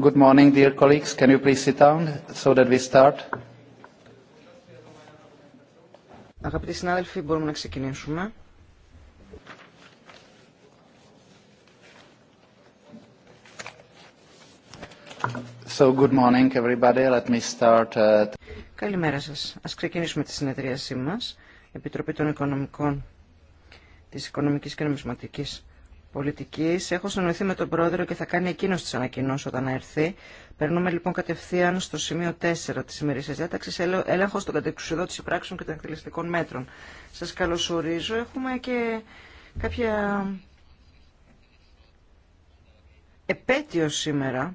Good morning, dear colleagues. Can you please sit down so that we start? Αγαπητοί συνάδελφοι, μπορούμε να ξεκινήσουμε. So, good morning, everybody. Let me start. Uh, Καλημέρα σας. Ας ξεκινήσουμε τη συνεδρίασή μας. Επιτροπή των Οικονομικών Τη οικονομική και Νομισματικής πολιτική. Έχω συνοηθεί με τον πρόεδρο και θα κάνει εκείνο τι ανακοινώσει όταν έρθει. Περνούμε λοιπόν κατευθείαν στο σημείο 4 τη ημερήσια διάταξη. Ελέγχο των κατεξουσιοδότηση πράξεων και των εκτελεστικών μέτρων. Σας καλωσορίζω. Έχουμε και κάποια επέτειο σήμερα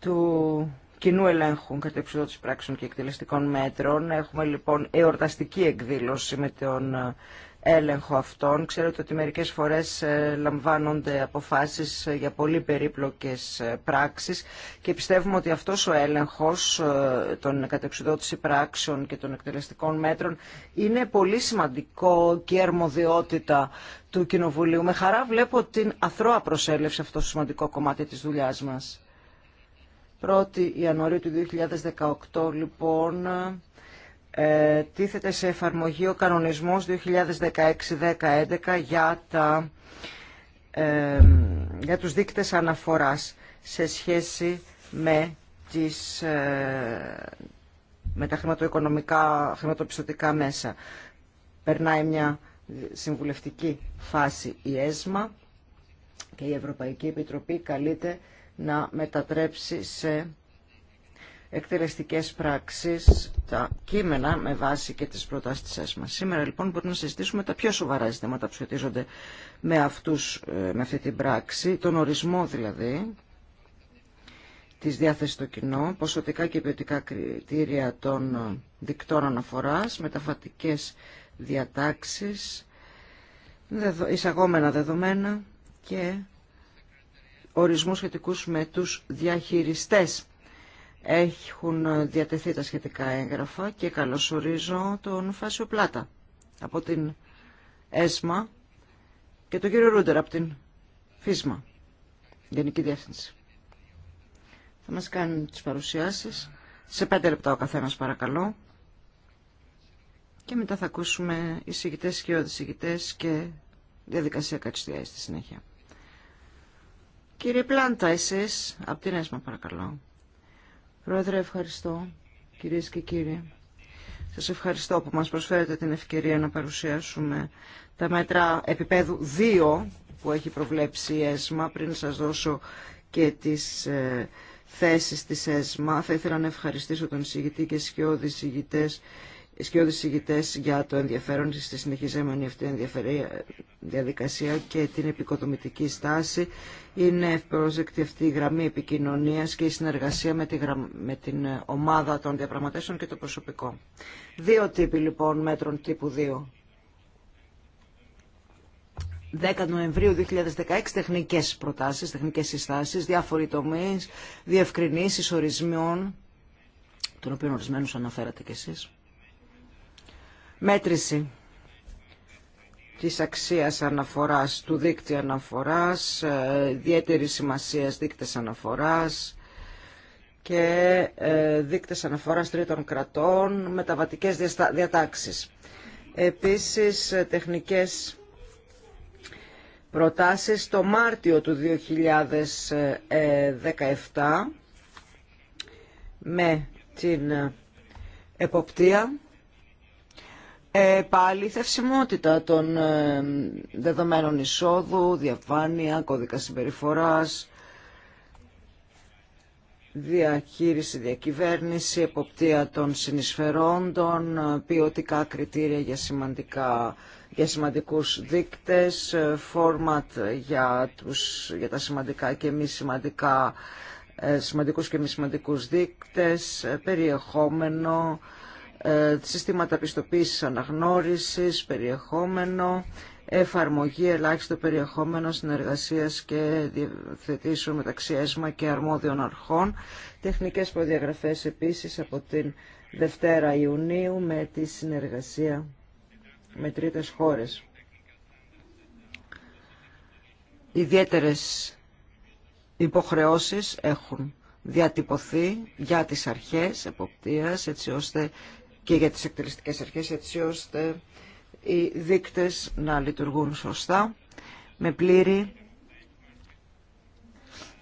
του κοινού ελέγχου κατεξουδότηση πράξεων και εκτελεστικών μέτρων. Έχουμε λοιπόν εορταστική εκδήλωση με τον ε, έλεγχο αυτών. Ξέρετε ότι μερικές φορές ε, λαμβάνονται αποφάσεις ε, για πολύ περίπλοκες πράξεις και πιστεύουμε ότι αυτός ο έλεγχος των κατεξουδότηση πράξεων και των εκτελεστικών μέτρων είναι πολύ σημαντικό και αρμοδιότητα του Κοινοβουλίου. Με χαρά βλέπω την αθρώα προσέλευση αυτό το σημαντικό κομμάτι της δουλειάς μας. 1η Ιανουαρίου του 2018 λοιπόν ε, τίθεται σε εφαρμογή ο κανονισμός 11 για, τα, ε, για τους δείκτες αναφοράς σε σχέση με, τις, ε, με τα χρηματοοικονομικά, χρηματοπιστωτικά μέσα. Περνάει μια συμβουλευτική φάση η ΕΣΜΑ και η Ευρωπαϊκή Επιτροπή καλείται να μετατρέψει σε εκτελεστικές πράξεις τα κείμενα με βάση και τις προτάσεις μας. Σήμερα λοιπόν μπορούμε να συζητήσουμε τα πιο σοβαρά ζητήματα που σχετίζονται με, αυτούς, ε, με αυτή την πράξη, τον ορισμό δηλαδή της διάθεσης στο κοινό, ποσοτικά και ποιοτικά κριτήρια των ε, δικτών αναφοράς, μεταφατικές διατάξεις, εισαγόμενα δεδομένα και ορισμούς σχετικούς με τους διαχειριστές. Έχουν διατεθεί τα σχετικά έγγραφα και καλωσορίζω τον Φάσιο Πλάτα από την ΕΣΜΑ και τον κύριο Ρούντερ από την ΦΙΣΜΑ, Γενική Διεύθυνση. Θα μας κάνουν τις παρουσιάσεις. Σε πέντε λεπτά ο καθένας παρακαλώ. Και μετά θα ακούσουμε εισηγητές και οδησηγητές και διαδικασία κατσιδιάης στη συνέχεια. Κύριε Πλάντα, εσείς, από την ΕΣΜΑ παρακαλώ. Πρόεδρε, ευχαριστώ. Κυρίες και κύριοι, σας ευχαριστώ που μας προσφέρετε την ευκαιρία να παρουσιάσουμε τα μέτρα επίπεδου 2 που έχει προβλέψει η ΕΣΜΑ. Πριν σας δώσω και τις ε, θέσεις της ΕΣΜΑ, θα ήθελα να ευχαριστήσω τον συγητή και σκιώδη συγητέ ισχυώδεις ηγητέ για το ενδιαφέρον στη συνεχιζόμενη αυτή διαδικασία και την επικοδομητική στάση. Είναι ευπρόσδεκτη αυτή η γραμμή επικοινωνία και η συνεργασία με, τη με την ομάδα των διαπραγματεύσεων και το προσωπικό. Δύο τύποι λοιπόν μέτρων τύπου 2. 10 Νοεμβρίου 2016 τεχνικές προτάσεις, τεχνικές συστάσεις, διάφοροι τομείς, διευκρινήσεις ορισμιών, των οποίων ορισμένους αναφέρατε κι εσείς μέτρηση της αξίας αναφοράς, του δίκτυα αναφοράς, ε, ιδιαίτερη σημασία δίκτες αναφοράς και ε, δίκτες αναφοράς τρίτων κρατών, μεταβατικές διατάξεις. Επίσης, ε, τεχνικές προτάσεις το Μάρτιο του 2017 με την εποπτεία πάλι θευσιμότητα των ε, δεδομένων εισόδου, διαφάνεια, κώδικα συμπεριφοράς, διαχείριση, διακυβέρνηση, εποπτεία των συνεισφερόντων, ποιοτικά κριτήρια για, σημαντικά, για σημαντικούς δείκτες, format για, τους, για τα σημαντικά και μη σημαντικά ε, σημαντικούς και μη σημαντικούς δείκτες, περιεχόμενο, ε, συστήματα πιστοποίησης αναγνώρισης, περιεχόμενο, εφαρμογή ελάχιστο περιεχόμενο συνεργασίας και διευθετήσεων μεταξύ ΕΣΜΑ και αρμόδιων αρχών. Τεχνικές προδιαγραφές επίσης από την Δευτέρα Ιουνίου με τη συνεργασία με τρίτες χώρες. Ιδιαίτερες υποχρεώσεις έχουν διατυπωθεί για τις αρχές εποπτείας έτσι ώστε και για τις εκτελεστικές αρχές έτσι ώστε οι δείκτες να λειτουργούν σωστά με πλήρη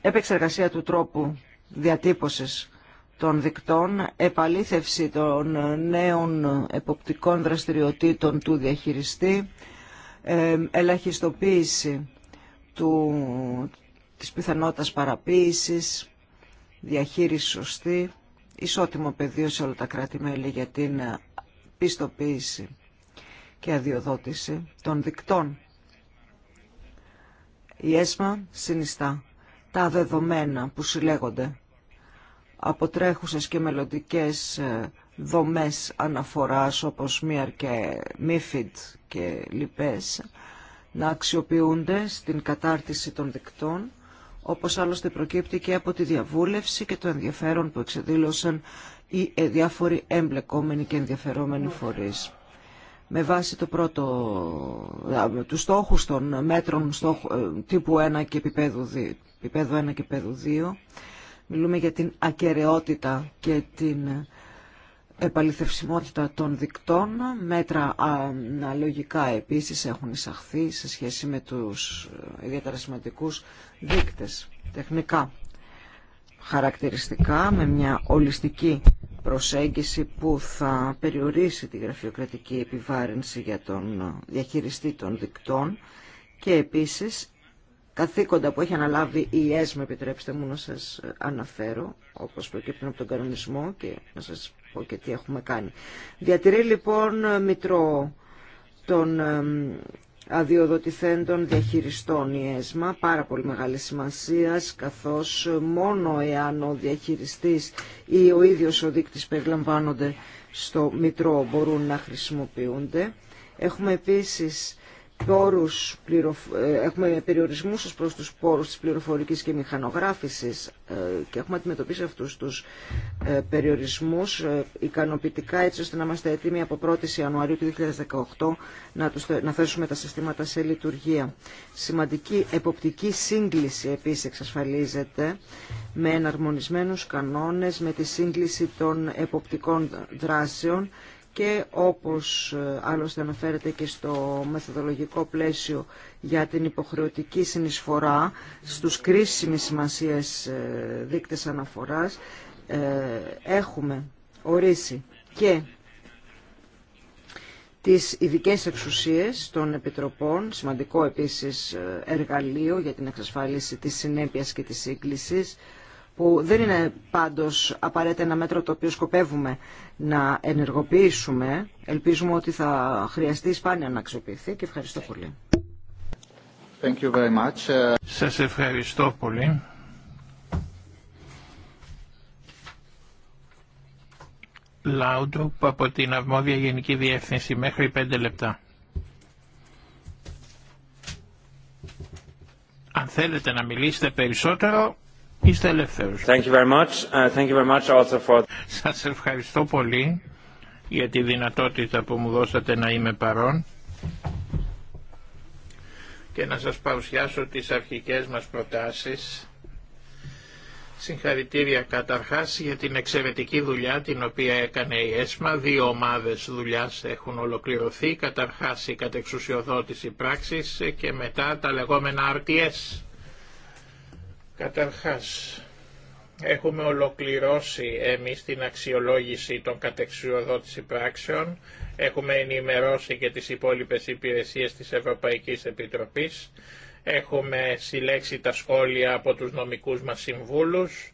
επεξεργασία του τρόπου διατύπωσης των δικτών, επαλήθευση των νέων εποπτικών δραστηριοτήτων του διαχειριστή, ε, ελαχιστοποίηση του, της πιθανότητας παραποίησης, διαχείριση σωστή ισότιμο πεδίο σε όλα τα κράτη-μέλη για την πιστοποίηση και αδειοδότηση των δικτών. Η ΕΣΜΑ συνιστά τα δεδομένα που συλλέγονται από τρέχουσες και μελλοντικές ε, δομές αναφοράς όπως ΜΙΑΡ και ΜΙΦΙΤ και λοιπές να αξιοποιούνται στην κατάρτιση των δικτών όπως άλλωστε προκύπτει και από τη διαβούλευση και το ενδιαφέρον που εξεδήλωσαν οι ε, διάφοροι εμπλεκόμενοι και ενδιαφερόμενοι φορείς. Με βάση το πρώτο, τους στόχους των μέτρων ε, τύπου 1 και 1 και επίπεδου 2, μιλούμε για την ακαιρεότητα και την επαληθευσιμότητα των δικτών. Μέτρα αναλογικά επίσης έχουν εισαχθεί σε σχέση με τους ιδιαίτερα σημαντικούς δείκτες τεχνικά χαρακτηριστικά με μια ολιστική προσέγγιση που θα περιορίσει τη γραφειοκρατική επιβάρυνση για τον διαχειριστή των δικτών και επίσης καθήκοντα που έχει αναλάβει η ΕΣΜ, επιτρέψτε μου να σας αναφέρω, όπως προκύπτουν από τον κανονισμό και να σας πω και τι έχουμε κάνει. Διατηρεί λοιπόν μητρό των αδειοδοτηθέντων διαχειριστών η ΕΣΜΑ, πάρα πολύ μεγάλη σημασία, καθώς μόνο εάν ο διαχειριστής ή ο ίδιος ο δείκτης περιλαμβάνονται στο μητρό μπορούν να χρησιμοποιούνται. Έχουμε επίσης πόρους, ε, έχουμε περιορισμούς ως προς τους πόρους της πληροφορικής και μηχανογράφησης ε, και έχουμε αντιμετωπίσει αυτούς τους ε, περιορισμούς ικανοποιητικά έτσι ώστε να είμαστε έτοιμοι από 1η Ιανουαρίου του 2018 να, τους, να θέσουμε τα συστήματα σε λειτουργία. Σημαντική εποπτική σύγκληση επίσης εξασφαλίζεται με εναρμονισμένους κανόνες, με τη σύγκληση των εποπτικών δράσεων και όπως άλλωστε αναφέρεται και στο μεθοδολογικό πλαίσιο για την υποχρεωτική συνεισφορά στους κρίσιμες σημασίες ε, δείκτες αναφοράς ε, έχουμε ορίσει και τις ειδικέ εξουσίες των επιτροπών, σημαντικό επίσης ε, εργαλείο για την εξασφάλιση της συνέπειας και της σύγκλησης, που δεν είναι πάντως απαραίτητα ένα μέτρο το οποίο σκοπεύουμε να ενεργοποιήσουμε. Ελπίζουμε ότι θα χρειαστεί σπάνια να αξιοποιηθεί και ευχαριστώ πολύ. Thank you very much. Σας ευχαριστώ πολύ. Λάουντρουπ από την Αυμόδια Γενική Διεύθυνση μέχρι 5 λεπτά. Αν θέλετε να μιλήσετε περισσότερο, Είστε ελεύθερος. Σας ευχαριστώ πολύ για τη δυνατότητα που μου δώσατε να είμαι παρόν και να σας παρουσιάσω τις αρχικές μας προτάσεις. Συγχαρητήρια καταρχάς για την εξαιρετική δουλειά την οποία έκανε η ΕΣΜΑ. Δύο ομάδες δουλειάς έχουν ολοκληρωθεί. Καταρχάς η κατεξουσιοδότηση πράξης και μετά τα λεγόμενα RTS. Καταρχάς, έχουμε ολοκληρώσει εμείς την αξιολόγηση των κατεξιοδότηση πράξεων, έχουμε ενημερώσει και τις υπόλοιπες υπηρεσίες της Ευρωπαϊκής Επιτροπής, έχουμε συλλέξει τα σχόλια από τους νομικούς μας συμβούλους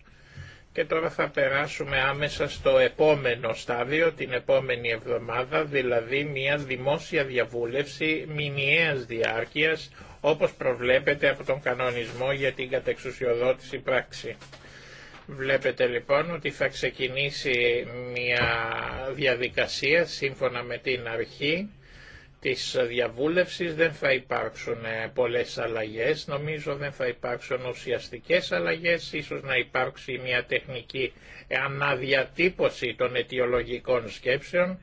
και τώρα θα περάσουμε άμεσα στο επόμενο στάδιο, την επόμενη εβδομάδα, δηλαδή μια δημόσια διαβούλευση μηνιαίας διάρκειας όπως προβλέπεται από τον κανονισμό για την κατεξουσιοδότηση πράξη. Βλέπετε λοιπόν ότι θα ξεκινήσει μια διαδικασία σύμφωνα με την αρχή της διαβούλευσης. Δεν θα υπάρξουν πολλές αλλαγές, νομίζω δεν θα υπάρξουν ουσιαστικές αλλαγές, ίσως να υπάρξει μια τεχνική αναδιατύπωση των αιτιολογικών σκέψεων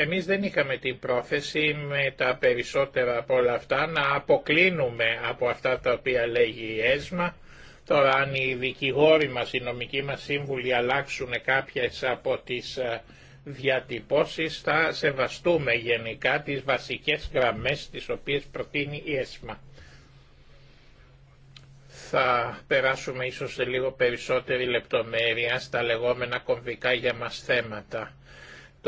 εμείς δεν είχαμε την πρόθεση με τα περισσότερα από όλα αυτά να αποκλίνουμε από αυτά τα οποία λέγει η ΕΣΜΑ. Τώρα αν οι δικηγόροι μας, οι νομικοί μας σύμβουλοι αλλάξουν κάποιες από τις ε, διατυπώσεις θα σεβαστούμε γενικά τις βασικές γραμμές τις οποίες προτείνει η ΕΣΜΑ. Θα περάσουμε ίσως σε λίγο περισσότερη λεπτομέρεια στα λεγόμενα κομβικά για μας θέματα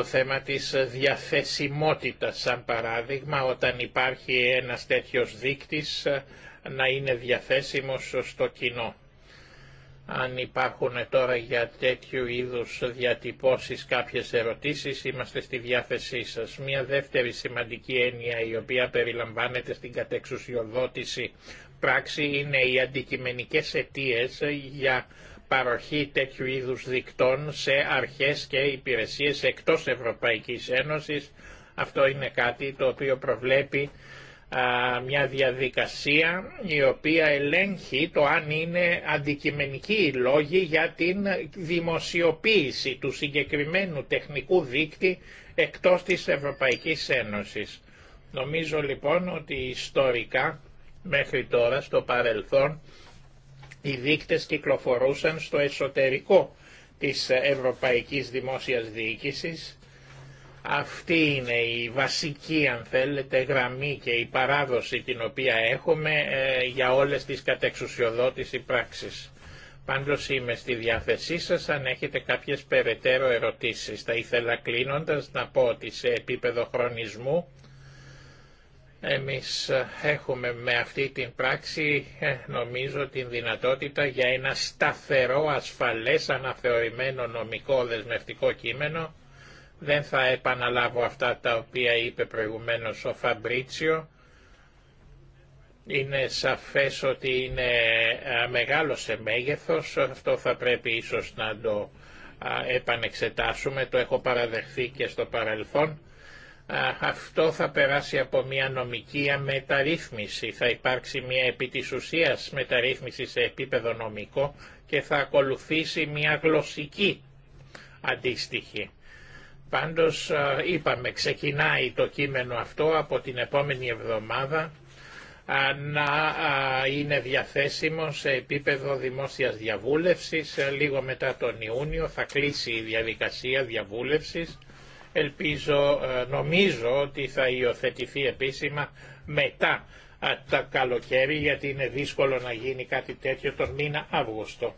το θέμα της διαθεσιμότητας σαν παράδειγμα όταν υπάρχει ένας τέτοιος δείκτης ε, να είναι διαθέσιμος στο κοινό. Αν υπάρχουν τώρα για τέτοιου είδους διατυπώσεις κάποιες ερωτήσεις, είμαστε στη διάθεσή σας. Μία δεύτερη σημαντική έννοια η οποία περιλαμβάνεται στην κατεξουσιοδότηση πράξη είναι οι αντικειμενικές αιτίες για παροχή τέτοιου είδους δικτών σε αρχές και υπηρεσίες εκτός Ευρωπαϊκής Ένωσης. Αυτό είναι κάτι το οποίο προβλέπει μια διαδικασία η οποία ελέγχει το αν είναι αντικειμενική η λόγοι για την δημοσιοποίηση του συγκεκριμένου τεχνικού δίκτυ εκτός της Ευρωπαϊκής Ένωσης. Νομίζω λοιπόν ότι ιστορικά μέχρι τώρα στο παρελθόν οι δείκτες κυκλοφορούσαν στο εσωτερικό της Ευρωπαϊκής Δημόσιας Διοίκησης. Αυτή είναι η βασική, αν θέλετε, γραμμή και η παράδοση την οποία έχουμε ε, για όλες τις κατεξουσιοδότηση πράξεις. Πάντως είμαι στη διάθεσή σας αν έχετε κάποιες περαιτέρω ερωτήσεις. Θα ήθελα κλείνοντας να πω ότι σε επίπεδο χρονισμού εμείς ε, έχουμε με αυτή την πράξη ε, νομίζω την δυνατότητα για ένα σταθερό, ασφαλές, αναθεωρημένο νομικό δεσμευτικό κείμενο. Δεν θα επαναλάβω αυτά τα οποία είπε προηγουμένως ο Φαμπρίτσιο. Είναι σαφές ότι είναι ε, μεγάλο σε μέγεθος, αυτό θα πρέπει ίσως να το επανεξετάσουμε, το έχω παραδεχθεί και στο παρελθόν αυτό θα περάσει από μια νομική μεταρρύθμιση. Θα υπάρξει μια επί της μεταρρύθμιση σε επίπεδο νομικό και θα ακολουθήσει μια γλωσσική αντίστοιχη. Πάντως είπαμε ξεκινάει το κείμενο αυτό από την επόμενη εβδομάδα να είναι διαθέσιμο σε επίπεδο δημόσιας διαβούλευσης. Λίγο μετά τον Ιούνιο θα κλείσει η διαδικασία διαβούλευσης Ελπίζω, ε, νομίζω ότι θα υιοθετηθεί επίσημα μετά ε, τα καλοκαίρι γιατί είναι δύσκολο να γίνει κάτι τέτοιο τον μήνα Αύγουστο.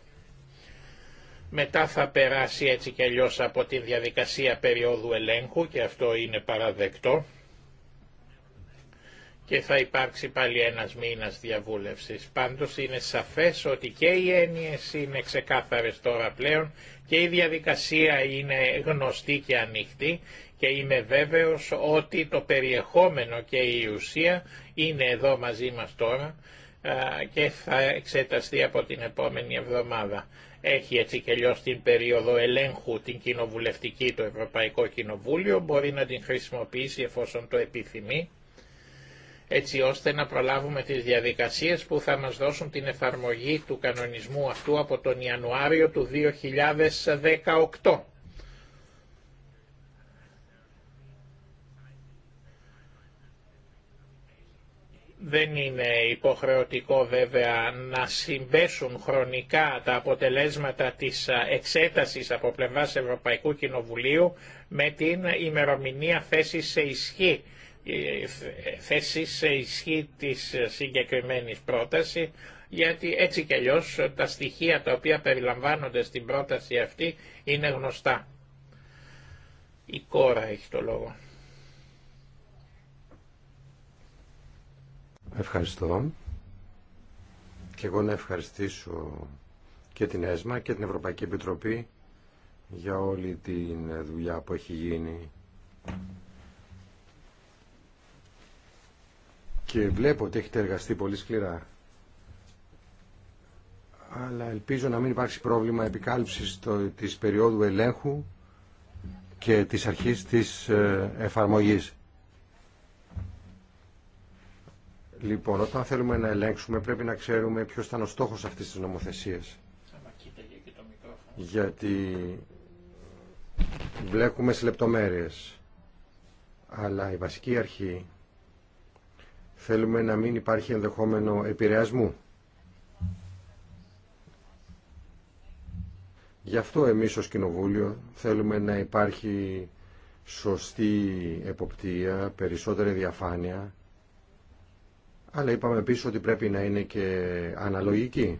Μετά θα περάσει έτσι και αλλιώς από τη διαδικασία περίοδου ελέγχου και αυτό είναι παραδεκτό και θα υπάρξει πάλι ένας μήνας διαβούλευσης. Πάντως είναι σαφές ότι και οι έννοιες είναι ξεκάθαρες τώρα πλέον και η διαδικασία είναι γνωστή και ανοιχτή και είμαι βέβαιος ότι το περιεχόμενο και η ουσία είναι εδώ μαζί μας τώρα και θα εξεταστεί από την επόμενη εβδομάδα. Έχει έτσι και λιώς την περίοδο ελέγχου την κοινοβουλευτική το Ευρωπαϊκό Κοινοβούλιο, μπορεί να την χρησιμοποιήσει εφόσον το επιθυμεί έτσι ώστε να προλάβουμε τις διαδικασίες που θα μας δώσουν την εφαρμογή του κανονισμού αυτού από τον Ιανουάριο του 2018. Δεν είναι υποχρεωτικό βέβαια να συμπέσουν χρονικά τα αποτελέσματα της εξέτασης από πλευράς Ευρωπαϊκού Κοινοβουλίου με την ημερομηνία θέση σε ισχύ ε, ε, ε, θέση σε ισχύ της συγκεκριμένης πρόταση, γιατί έτσι κι αλλιώς τα στοιχεία τα οποία περιλαμβάνονται στην πρόταση αυτή είναι γνωστά. Η κόρα έχει το λόγο. Ευχαριστώ. Και εγώ να ευχαριστήσω και την ΕΣΜΑ και την Ευρωπαϊκή Επιτροπή για όλη την δουλειά που έχει γίνει και βλέπω ότι έχετε εργαστεί πολύ σκληρά αλλά ελπίζω να μην υπάρξει πρόβλημα επικάλυψης το, της περίοδου ελέγχου και της αρχής της ε, εφαρμογής. Λοιπόν, όταν θέλουμε να ελέγξουμε πρέπει να ξέρουμε ποιος ήταν ο στόχος αυτής της νομοθεσίας. Γιατί βλέπουμε σε λεπτομέρειες, αλλά η βασική αρχή θέλουμε να μην υπάρχει ενδεχόμενο επηρεασμού. Γι' αυτό εμείς ως Κοινοβούλιο θέλουμε να υπάρχει σωστή εποπτεία, περισσότερη διαφάνεια, αλλά είπαμε επίσης ότι πρέπει να είναι και αναλογική.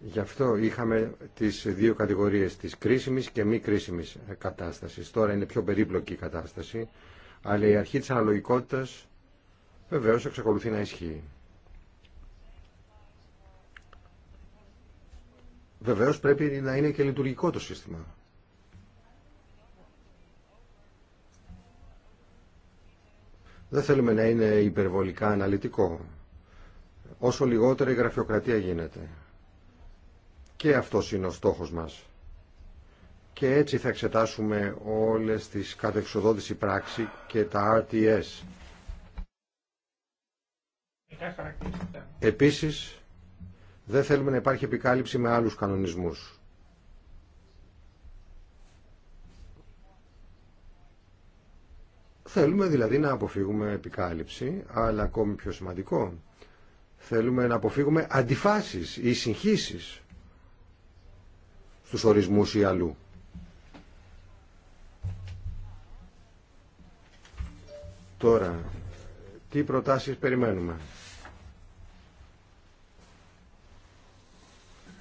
Γι' αυτό είχαμε τις δύο κατηγορίες της κρίσιμης και μη κρίσιμης κατάστασης. Τώρα είναι πιο περίπλοκη η κατάσταση, αλλά η αρχή της αναλογικότητας βεβαίως εξακολουθεί να ισχύει. Βεβαίως πρέπει να είναι και λειτουργικό το σύστημα. Δεν θέλουμε να είναι υπερβολικά αναλυτικό. Όσο λιγότερη γραφειοκρατία γίνεται. Και αυτός είναι ο στόχος μας. Και έτσι θα εξετάσουμε όλες τις κατεξοδότηση πράξη και τα RTS Επίσης, δεν θέλουμε να υπάρχει επικάλυψη με άλλους κανονισμούς. Θέλουμε δηλαδή να αποφύγουμε επικάλυψη, αλλά ακόμη πιο σημαντικό, θέλουμε να αποφύγουμε αντιφάσεις ή συγχύσεις στους ορισμούς ή αλλού. Τώρα, τι προτάσεις περιμένουμε.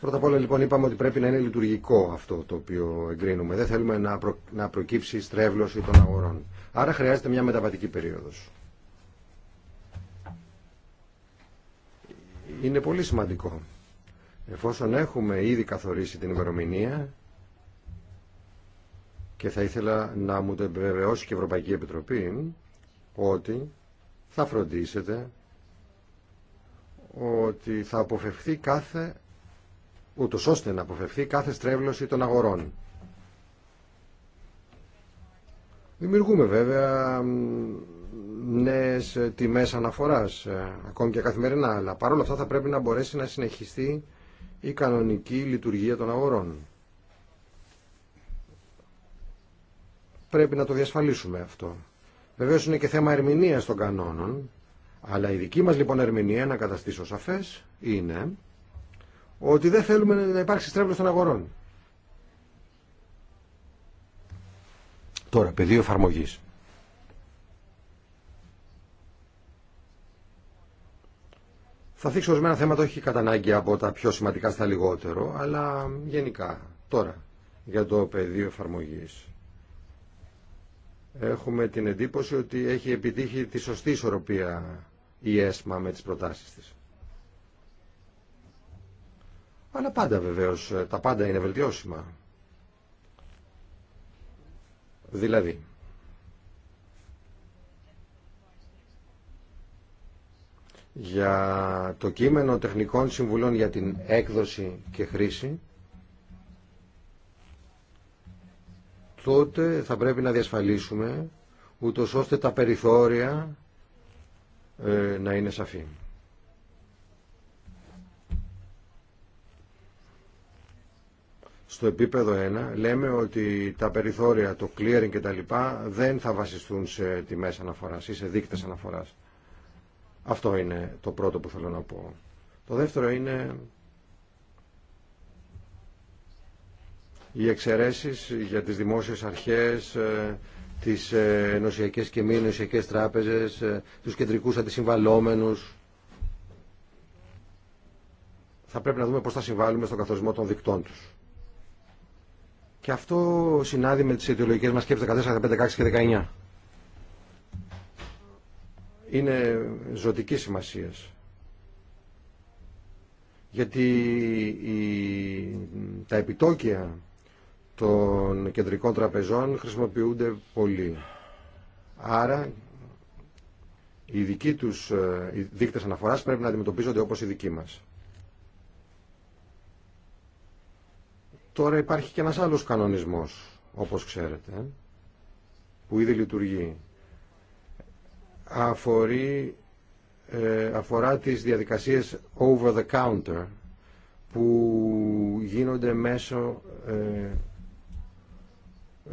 Πρώτα απ' όλα λοιπόν είπαμε ότι πρέπει να είναι λειτουργικό αυτό το οποίο εγκρίνουμε. Δεν θέλουμε να, προ... προκύψει στρέβλωση των αγορών. Άρα χρειάζεται μια μεταβατική περίοδος. Είναι πολύ σημαντικό. Εφόσον έχουμε ήδη καθορίσει την ημερομηνία και θα ήθελα να μου το επιβεβαιώσει και η Ευρωπαϊκή Επιτροπή ότι θα φροντίσετε ότι θα αποφευθεί κάθε ούτως ώστε να αποφευθεί κάθε στρέβλωση των αγορών. Δημιουργούμε βέβαια νέες τιμές αναφοράς, ε, ακόμη και καθημερινά, αλλά παρόλα αυτά θα πρέπει να μπορέσει να συνεχιστεί η κανονική λειτουργία των αγορών. Πρέπει να το διασφαλίσουμε αυτό. Βεβαίως είναι και θέμα ερμηνείας των κανόνων, αλλά η δική μας λοιπόν ερμηνεία, να καταστήσω σαφές, είναι ότι δεν θέλουμε να υπάρξει στρέβλος των αγορών. Τώρα, πεδίο εφαρμογή. Θα θίξω ορισμένα θέματα όχι κατά ανάγκη από τα πιο σημαντικά στα λιγότερο, αλλά γενικά. Τώρα, για το πεδίο εφαρμογή. Έχουμε την εντύπωση ότι έχει επιτύχει τη σωστή ισορροπία η ΕΣΜΑ με τις προτάσεις της. Αλλά πάντα βεβαίως, ε, τα πάντα είναι βελτιώσιμα. Δηλαδή, για το κείμενο τεχνικών συμβουλών για την έκδοση και χρήση, τότε θα πρέπει να διασφαλίσουμε ούτως ώστε τα περιθώρια ε, να είναι σαφή. στο επίπεδο 1 λέμε ότι τα περιθώρια, το clearing και τα λοιπά δεν θα βασιστούν σε τιμές αναφοράς ή σε δείκτες αναφοράς. Αυτό είναι το πρώτο που θέλω να πω. Το δεύτερο είναι οι εξαιρέσεις για τις δημόσιες αρχές, ε, τις ε, ενωσιακές και μη ενωσιακές τράπεζες, ε, τους κεντρικούς αντισυμβαλόμενους. Θα πρέπει να δούμε πώς θα συμβάλλουμε στον καθορισμό των δικτών τους. Και αυτό συνάδει με τις ιδεολογικές μας σκέψεις 14, 15, 16 και 19. Είναι ζωτική σημασία. Γιατί η, τα επιτόκια των κεντρικών τραπεζών χρησιμοποιούνται πολύ. Άρα οι δικοί τους ε, οι δείκτες αναφοράς πρέπει να αντιμετωπίζονται όπως οι δικοί μας. Τώρα υπάρχει και ένας άλλος κανονισμός, όπως ξέρετε, που ήδη λειτουργεί. Αφορεί, ε, αφορά τις διαδικασίες over the counter που γίνονται μέσω ε,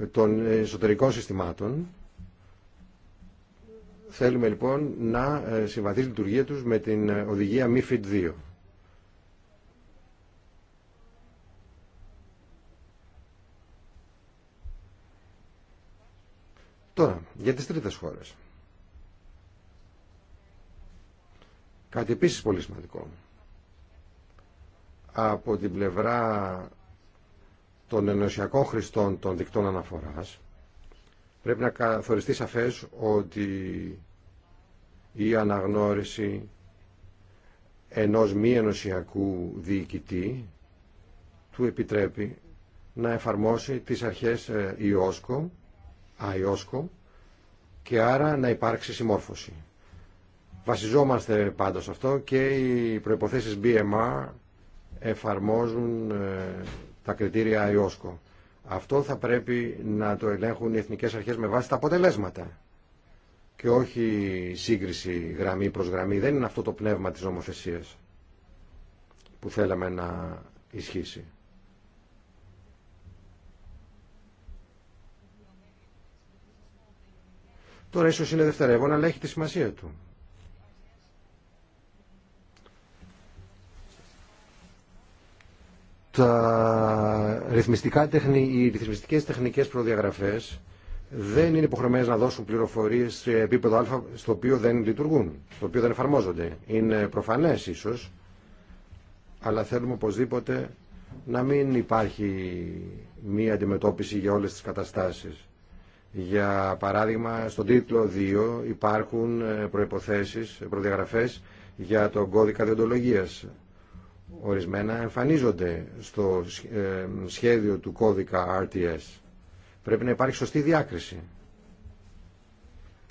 των εσωτερικών συστημάτων. Θέλουμε λοιπόν να ε, συμβαθεί η λειτουργία τους με την οδηγία MIFID 2. Τώρα, για τις τρίτες χώρες. Κάτι επίσης πολύ σημαντικό. Από την πλευρά των ενωσιακών χρηστών των δικτών αναφοράς, πρέπει να καθοριστεί σαφές ότι η αναγνώριση ενός μη ενωσιακού διοικητή του επιτρέπει να εφαρμόσει τις αρχές ΙΟΣΚΟ ε, ΑΙΟΣΚΟ και άρα να υπάρξει συμμόρφωση. Βασιζόμαστε πάντως αυτό και οι προϋποθέσεις BMR εφαρμόζουν ε, τα κριτήρια IOSCO. Αυτό θα πρέπει να το ελέγχουν οι εθνικές αρχές με βάση τα αποτελέσματα και όχι σύγκριση γραμμή προς γραμμή. Δεν είναι αυτό το πνεύμα της νομοθεσίας που θέλαμε να ισχύσει. Τώρα ίσως είναι δευτερεύον, αλλά έχει τη σημασία του. Τα ρυθμιστικά τεχνη, οι ρυθμιστικές τεχνικές προδιαγραφές δεν είναι υποχρεωμένες να δώσουν πληροφορίες σε επίπεδο α στο οποίο δεν λειτουργούν, στο οποίο δεν εφαρμόζονται. Είναι προφανές ίσως, αλλά θέλουμε οπωσδήποτε να μην υπάρχει μία αντιμετώπιση για όλες τις καταστάσεις. Για παράδειγμα, στον τίτλο 2 υπάρχουν ε, προϋποθέσεις, προδιαγραφές για τον κώδικα διοντολογίας. Ορισμένα εμφανίζονται στο ε, σχέδιο του κώδικα RTS. Πρέπει να υπάρχει σωστή διάκριση.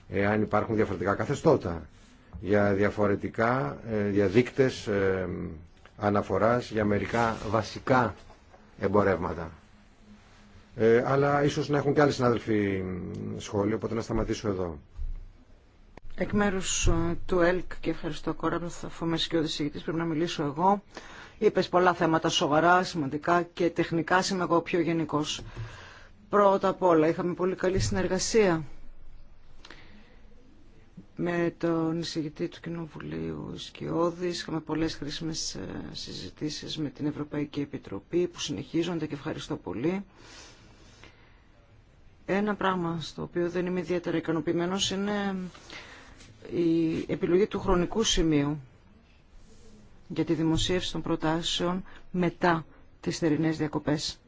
Εάν υπάρχουν διαφορετικά καθεστώτα για διαφορετικά ε, διαδίκτες αναφοράς για μερικά βασικά εμπορεύματα. Ε, αλλά ίσως να έχουν και άλλοι συνάδελφοι σχόλιο, οπότε να σταματήσω εδώ. Εκ μέρου ε, του ΕΛΚ και ευχαριστώ κόρα, θα είμαι και ο πρέπει να μιλήσω εγώ. Είπε πολλά θέματα σοβαρά, σημαντικά και τεχνικά. Είμαι εγώ πιο γενικό. Πρώτα απ' όλα, είχαμε πολύ καλή συνεργασία με τον εισηγητή του Κοινοβουλίου Σκιώδη. Είχαμε πολλέ χρήσιμε συζητήσει με την Ευρωπαϊκή Επιτροπή που συνεχίζονται και ευχαριστώ πολύ. Ένα πράγμα στο οποίο δεν είμαι ιδιαίτερα ικανοποιημένο είναι η επιλογή του χρονικού σημείου για τη δημοσίευση των προτάσεων μετά τις θερινές διακοπές.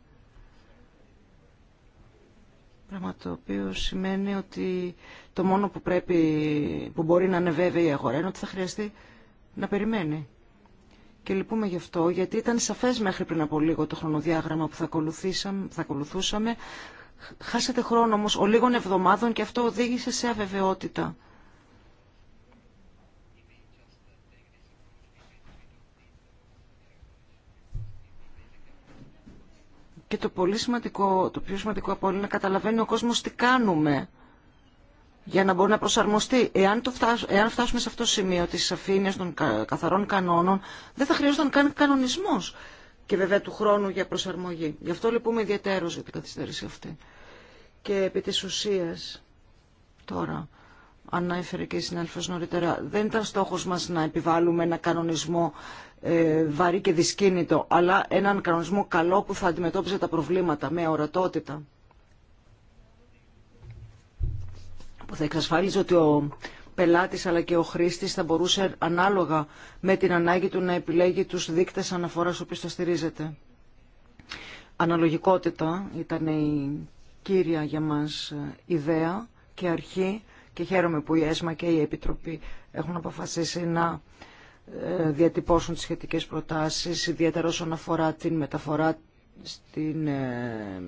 Πράγμα το οποίο σημαίνει ότι το μόνο που, πρέπει, που μπορεί να είναι βέβαιη η αγορά είναι ότι θα χρειαστεί να περιμένει. Και λυπούμε γι' αυτό, γιατί ήταν σαφές μέχρι πριν από λίγο το χρονοδιάγραμμα που θα, θα ακολουθούσαμε. Χάσατε χρόνο όμως ο λίγων εβδομάδων και αυτό οδήγησε σε αβεβαιότητα. Και το, πολύ σημαντικό, το πιο σημαντικό από όλα είναι να καταλαβαίνει ο κόσμος τι κάνουμε για να μπορεί να προσαρμοστεί. Εάν, το φτάσουμε σε αυτό το σημείο της αφήνειας των καθαρών κανόνων, δεν θα να κάνει κανονισμός και βέβαια του χρόνου για προσαρμογή. Γι' αυτό λυπούμε ιδιαίτερω για την καθυστέρηση αυτή. Και επί της ουσίας, τώρα, ανέφερε και η συνέλφωση νωρίτερα, δεν ήταν στόχος μας να επιβάλλουμε ένα κανονισμό ε, βαρύ και δυσκίνητο, αλλά έναν κανονισμό καλό που θα αντιμετώπιζε τα προβλήματα με ορατότητα. Που θα εξασφάλιζε ότι ο πελάτης αλλά και ο χρήστης θα μπορούσε ανάλογα με την ανάγκη του να επιλέγει τους δείκτες αναφοράς το στηρίζεται. Αναλογικότητα ήταν η κύρια για μας ε, ιδέα και αρχή και χαίρομαι που η ΕΣΜΑ και η Επιτροπή έχουν αποφασίσει να ε, διατυπώσουν τις σχετικές προτάσεις, ιδιαίτερα όσον αφορά την μεταφορά στην ε,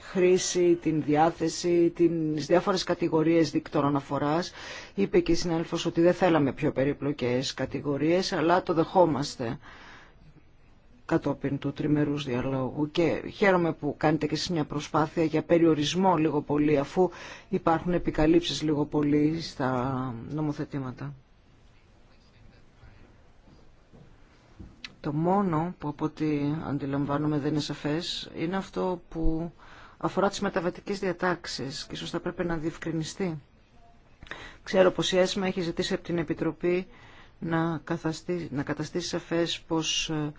χρήση, την διάθεση, τις διάφορες κατηγορίες δίκτων αναφοράς. Είπε και η ότι δεν θέλαμε πιο περίπλοκες κατηγορίες, αλλά το δεχόμαστε κατόπιν του τριμερούς διαλόγου και χαίρομαι που κάνετε και εσείς μια προσπάθεια για περιορισμό λίγο πολύ αφού υπάρχουν επικαλύψεις λίγο πολύ στα νομοθετήματα. Το μόνο που από ό,τι αντιλαμβάνομαι δεν είναι σαφές είναι αυτό που αφορά τις μεταβατικές διατάξεις και ίσως θα πρέπει να διευκρινιστεί. Ξέρω πως η ΕΣΜΑ έχει ζητήσει από την Επιτροπή να, καταστήσει, να καταστήσει σαφές πως ε,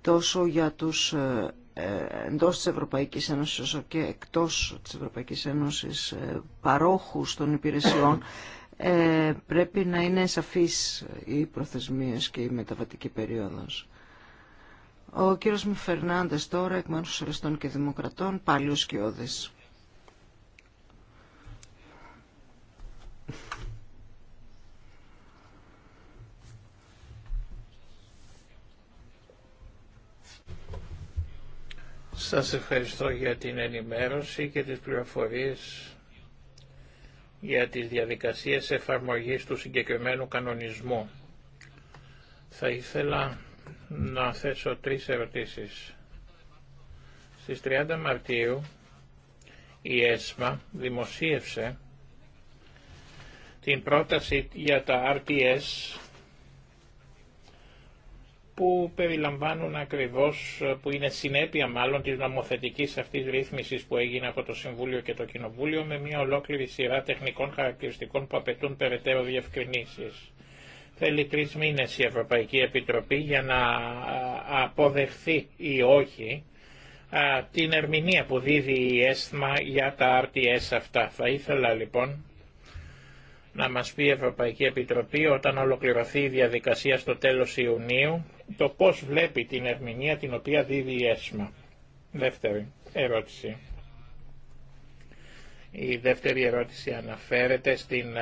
τόσο για τους ε, ε, εντός της Ευρωπαϊκής Ένωσης όσο και εκτός της Ευρωπαϊκής Ένωσης ε, παρόχους των υπηρεσιών πρέπει να είναι σαφείς οι προθεσμίες και η μεταβατική περίοδος. Ο κύριος Μου Φερνάντες τώρα εκ μέρους και Δημοκρατών, πάλι ο Σκιώδης. Σας ευχαριστώ για την ενημέρωση και τις πληροφορίες για τις διαδικασίες εφαρμογής του συγκεκριμένου κανονισμού. Θα ήθελα να θέσω τρεις ερωτήσεις. Στις 30 Μαρτίου η ΕΣΜΑ δημοσίευσε την πρόταση για τα RTS που περιλαμβάνουν ακριβώς, που είναι συνέπεια μάλλον της νομοθετικής αυτής ρύθμισης που έγινε από το Συμβούλιο και το Κοινοβούλιο με μια ολόκληρη σειρά τεχνικών χαρακτηριστικών που απαιτούν περαιτέρω διευκρινήσεις. Θέλει τρει μήνες η Ευρωπαϊκή Επιτροπή για να αποδεχθεί ή όχι την ερμηνεία που δίδει η ΕΣΜΑ για τα RTS αυτά. Θα ήθελα λοιπόν να μας πει η Ευρωπαϊκή Επιτροπή όταν ολοκληρωθεί η διαδικασία στο τέλος Ιουνίου το πώς βλέπει την ερμηνεία την οποία δίδει η ΕΣΜΑ. Δεύτερη ερώτηση. Η δεύτερη ερώτηση αναφέρεται στην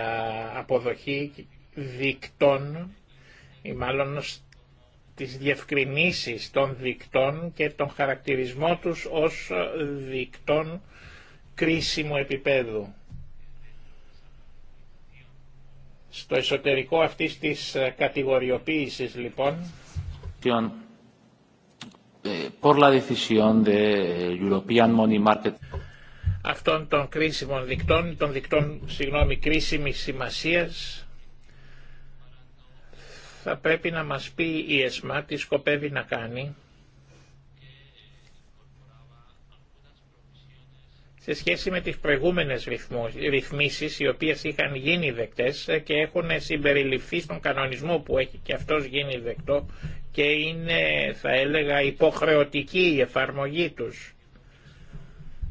αποδοχή δικτών ή μάλλον τις διευκρινήσεις των δικτών και τον χαρακτηρισμό τους ως δικτών κρίσιμου επίπεδου. Στο εσωτερικό αυτής της ε, κατηγοριοποίησης λοιπόν ε, αυτών των κρίσιμων δικτών, των δικτών συγγνώμη, κρίσιμης σημασίας θα πρέπει να μας πει η ΕΣΜΑ τι σκοπεύει να κάνει σε σχέση με τις προηγούμενες ρυθμίσεις οι οποίες είχαν γίνει δεκτές και έχουν συμπεριληφθεί στον κανονισμό που έχει και αυτός γίνει δεκτό και είναι θα έλεγα υποχρεωτική η εφαρμογή τους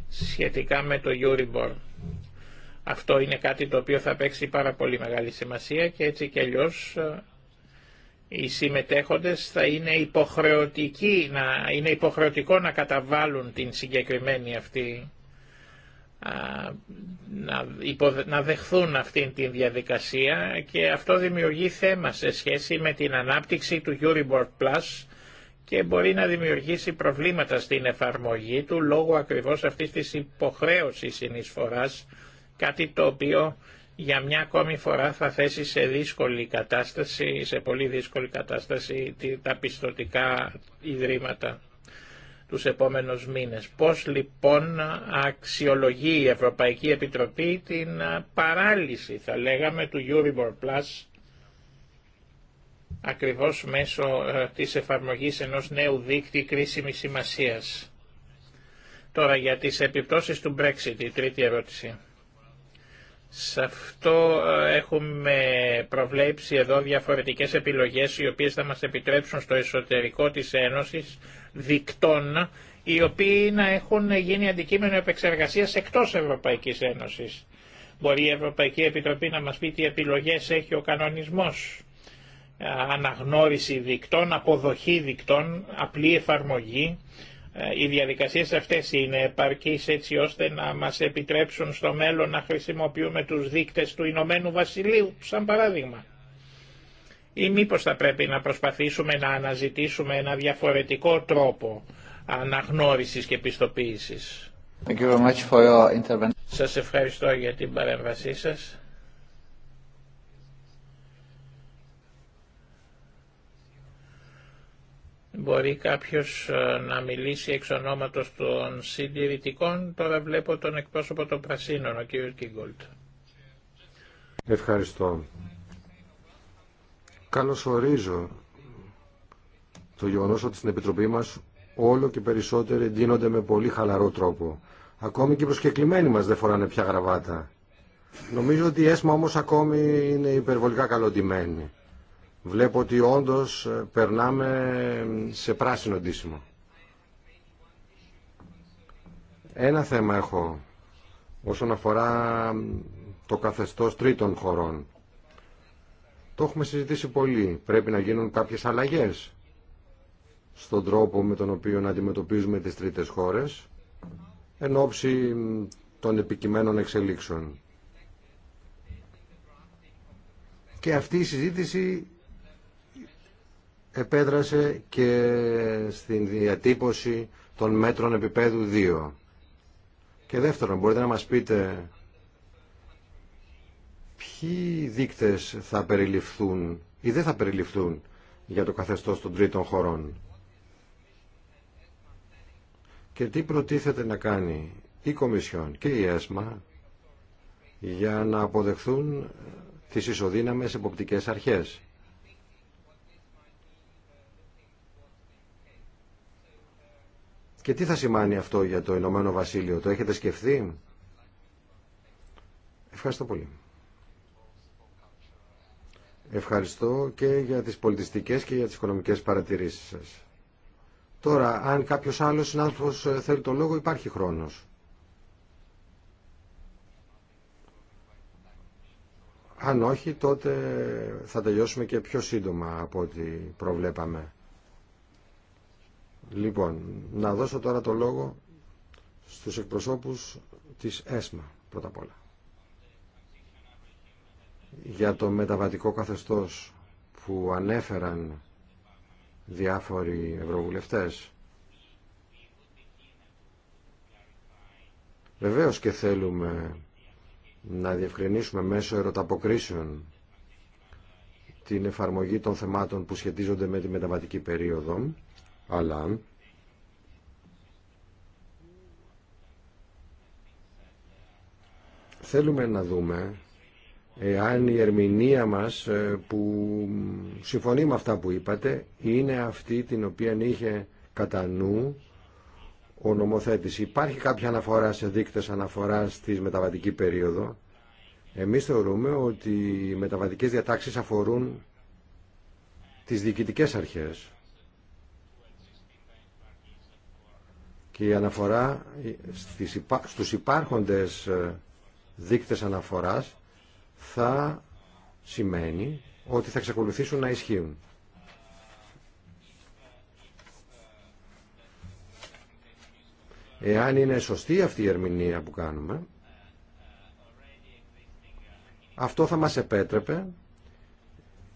σχετικά με το Euribor. Αυτό είναι κάτι το οποίο θα παίξει πάρα πολύ μεγάλη σημασία και έτσι και αλλιώ ε, οι συμμετέχοντες θα είναι, υποχρεωτικοί να, είναι υποχρεωτικό να καταβάλουν την συγκεκριμένη αυτή να δεχθούν αυτήν την διαδικασία και αυτό δημιουργεί θέμα σε σχέση με την ανάπτυξη του Euribor Plus και μπορεί να δημιουργήσει προβλήματα στην εφαρμογή του λόγω ακριβώς αυτής της υποχρέωσης συνεισφοράς, κάτι το οποίο για μια ακόμη φορά θα θέσει σε δύσκολη κατάσταση, σε πολύ δύσκολη κατάσταση τα πιστοτικά ιδρύματα τους επόμενους μήνες. Πώς λοιπόν αξιολογεί η Ευρωπαϊκή Επιτροπή την παράλυση, θα λέγαμε, του Euribor Plus ακριβώς μέσω της εφαρμογής ενός νέου δίκτυ κρίσιμης σημασίας. Τώρα για τις επιπτώσεις του Brexit, η τρίτη ερώτηση. Σε αυτό ε, έχουμε προβλέψει εδώ διαφορετικές επιλογές οι οποίες θα μας επιτρέψουν στο εσωτερικό της Ένωσης δικτών οι οποίοι να έχουν γίνει αντικείμενο επεξεργασίας εκτός Ευρωπαϊκής Ένωσης. Μπορεί η Ευρωπαϊκή Επιτροπή να μας πει τι επιλογές έχει ο κανονισμός. Ε, αναγνώριση δικτών, αποδοχή δικτών, απλή εφαρμογή ε, οι διαδικασίες αυτές είναι επαρκείς έτσι ώστε να μας επιτρέψουν στο μέλλον να χρησιμοποιούμε τους δείκτες του Ηνωμένου Βασιλείου, σαν παράδειγμα. Ή μήπως θα πρέπει να προσπαθήσουμε να αναζητήσουμε ένα διαφορετικό τρόπο αναγνώρισης και πιστοποίησης. σας ευχαριστώ για την παρέμβασή σας. Μπορεί κάποιος ε, να μιλήσει εξ ονόματος των συντηρητικών. Τώρα βλέπω τον εκπρόσωπο των Πρασίνων, ο κ. Κίγκολτ. Ευχαριστώ. Καλωσορίζω το γεγονός ότι στην Επιτροπή μας όλο και περισσότεροι ντύνονται με πολύ χαλαρό τρόπο. Ακόμη και οι προσκεκλημένοι μας δεν φοράνε πια γραβάτα. Νομίζω ότι η ΕΣΜΑ όμως ακόμη είναι υπερβολικά καλοντημένη βλέπω ότι όντως ε, περνάμε σε πράσινο ντύσιμο. Ένα θέμα έχω όσον αφορά το καθεστώς τρίτων χωρών. Το έχουμε συζητήσει πολύ. Πρέπει να γίνουν κάποιες αλλαγές στον τρόπο με τον οποίο να αντιμετωπίζουμε τις τρίτες χώρες εν ώψη των επικειμένων εξελίξεων. Και αυτή η συζήτηση επέδρασε και στην διατύπωση των μέτρων επίπεδου 2. Και δεύτερον, μπορείτε να μας πείτε ποιοι δείκτες θα περιληφθούν ή δεν θα περιληφθούν για το καθεστώς των τρίτων χωρών. Και τι προτίθεται να κάνει η Κομισιόν και η ΕΣΜΑ για να αποδεχθούν τις ισοδύναμες εποπτικές αρχές. Και τι θα σημάνει αυτό για το Ηνωμένο Βασίλειο, το έχετε σκεφτεί. Ευχαριστώ πολύ. Ευχαριστώ και για τις πολιτιστικές και για τις οικονομικές παρατηρήσεις σας. Τώρα, αν κάποιος άλλος συνάδελφος ε, θέλει το λόγο, υπάρχει χρόνος. Αν όχι, τότε θα τελειώσουμε και πιο σύντομα από ό,τι προβλέπαμε. Λοιπόν, να δώσω τώρα το λόγο στους εκπροσώπους της ΕΣΜΑ πρώτα απ' όλα για το μεταβατικό καθεστώς που ανέφεραν διάφοροι ευρωβουλευτές βεβαίως και θέλουμε να διευκρινίσουμε μέσω ερωταποκρίσεων την εφαρμογή των θεμάτων που σχετίζονται με τη μεταβατική περίοδο αλλά θέλουμε να δούμε εάν η ερμηνεία μας ε, που συμφωνεί με αυτά που είπατε είναι αυτή την οποία είχε κατά νου ο νομοθέτης. Υπάρχει κάποια αναφορά σε δείκτες αναφοράς στη μεταβατική περίοδο. Εμείς θεωρούμε ότι οι μεταβατικές διατάξεις αφορούν τις διοικητικές αρχές και η αναφορά ε, στις, στους υπάρχοντες ε, δείκτες αναφοράς θα σημαίνει ότι θα εξακολουθήσουν να ισχύουν. Εάν είναι σωστή αυτή η ερμηνεία που κάνουμε, αυτό θα μας επέτρεπε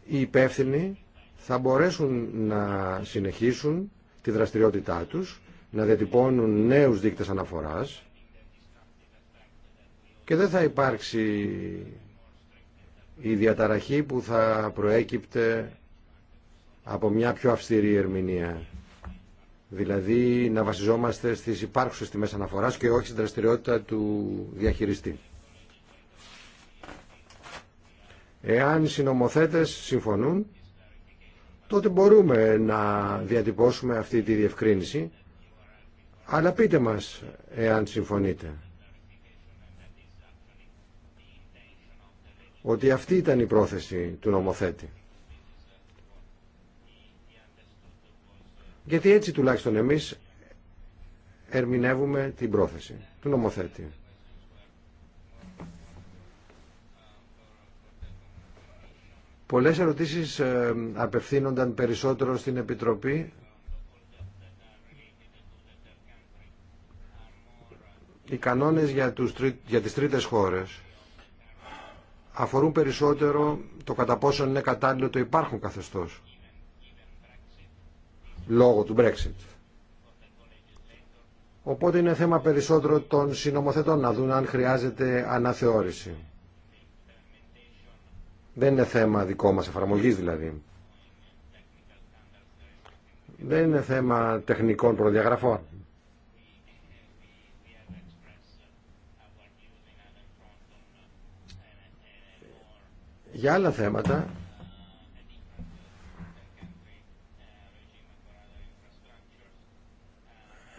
οι υπεύθυνοι θα μπορέσουν να συνεχίσουν τη δραστηριότητά τους να διατυπώνουν νέους δείκτες αναφοράς και δεν θα υπάρξει η διαταραχή που θα προέκυπτε από μια πιο αυστηρή ερμηνεία. Δηλαδή να βασιζόμαστε στις υπάρχουσες τιμές αναφοράς και όχι στην δραστηριότητα του διαχειριστή. Εάν οι συνομοθέτες συμφωνούν, τότε μπορούμε να διατυπώσουμε αυτή τη διευκρίνηση αλλά πείτε μας εάν συμφωνείτε ότι αυτή ήταν η πρόθεση του νομοθέτη. Γιατί έτσι τουλάχιστον εμείς ερμηνεύουμε την πρόθεση του νομοθέτη. Πολλές ερωτήσεις ε, απευθύνονταν περισσότερο στην Επιτροπή κανόνες για, για τις τρίτες χώρες αφορούν περισσότερο το κατά πόσο είναι κατάλληλο το υπάρχουν καθεστώς λόγω του Brexit. Οπότε είναι θέμα περισσότερο των συνομοθετών να δουν αν χρειάζεται αναθεώρηση. Δεν είναι θέμα δικό μας εφαρμογής δηλαδή. Δεν είναι θέμα τεχνικών προδιαγραφών. Για άλλα θέματα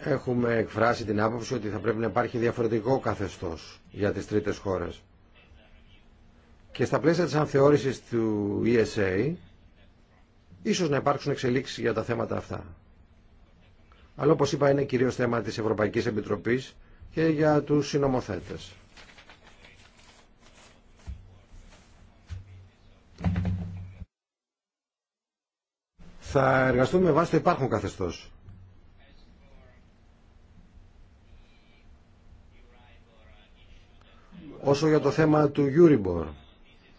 έχουμε εκφράσει την άποψη ότι θα πρέπει να υπάρχει διαφορετικό καθεστώς για τις τρίτες χώρες. Και στα πλαίσια της ανθεώρησης του ESA ίσως να υπάρξουν εξελίξεις για τα θέματα αυτά. Αλλά όπως είπα είναι κυρίως θέμα της Ευρωπαϊκής Επιτροπής και για τους συνομοθέτες. θα εργαστούμε βάσει το υπάρχον καθεστώ. Όσο για το θέμα του Euribor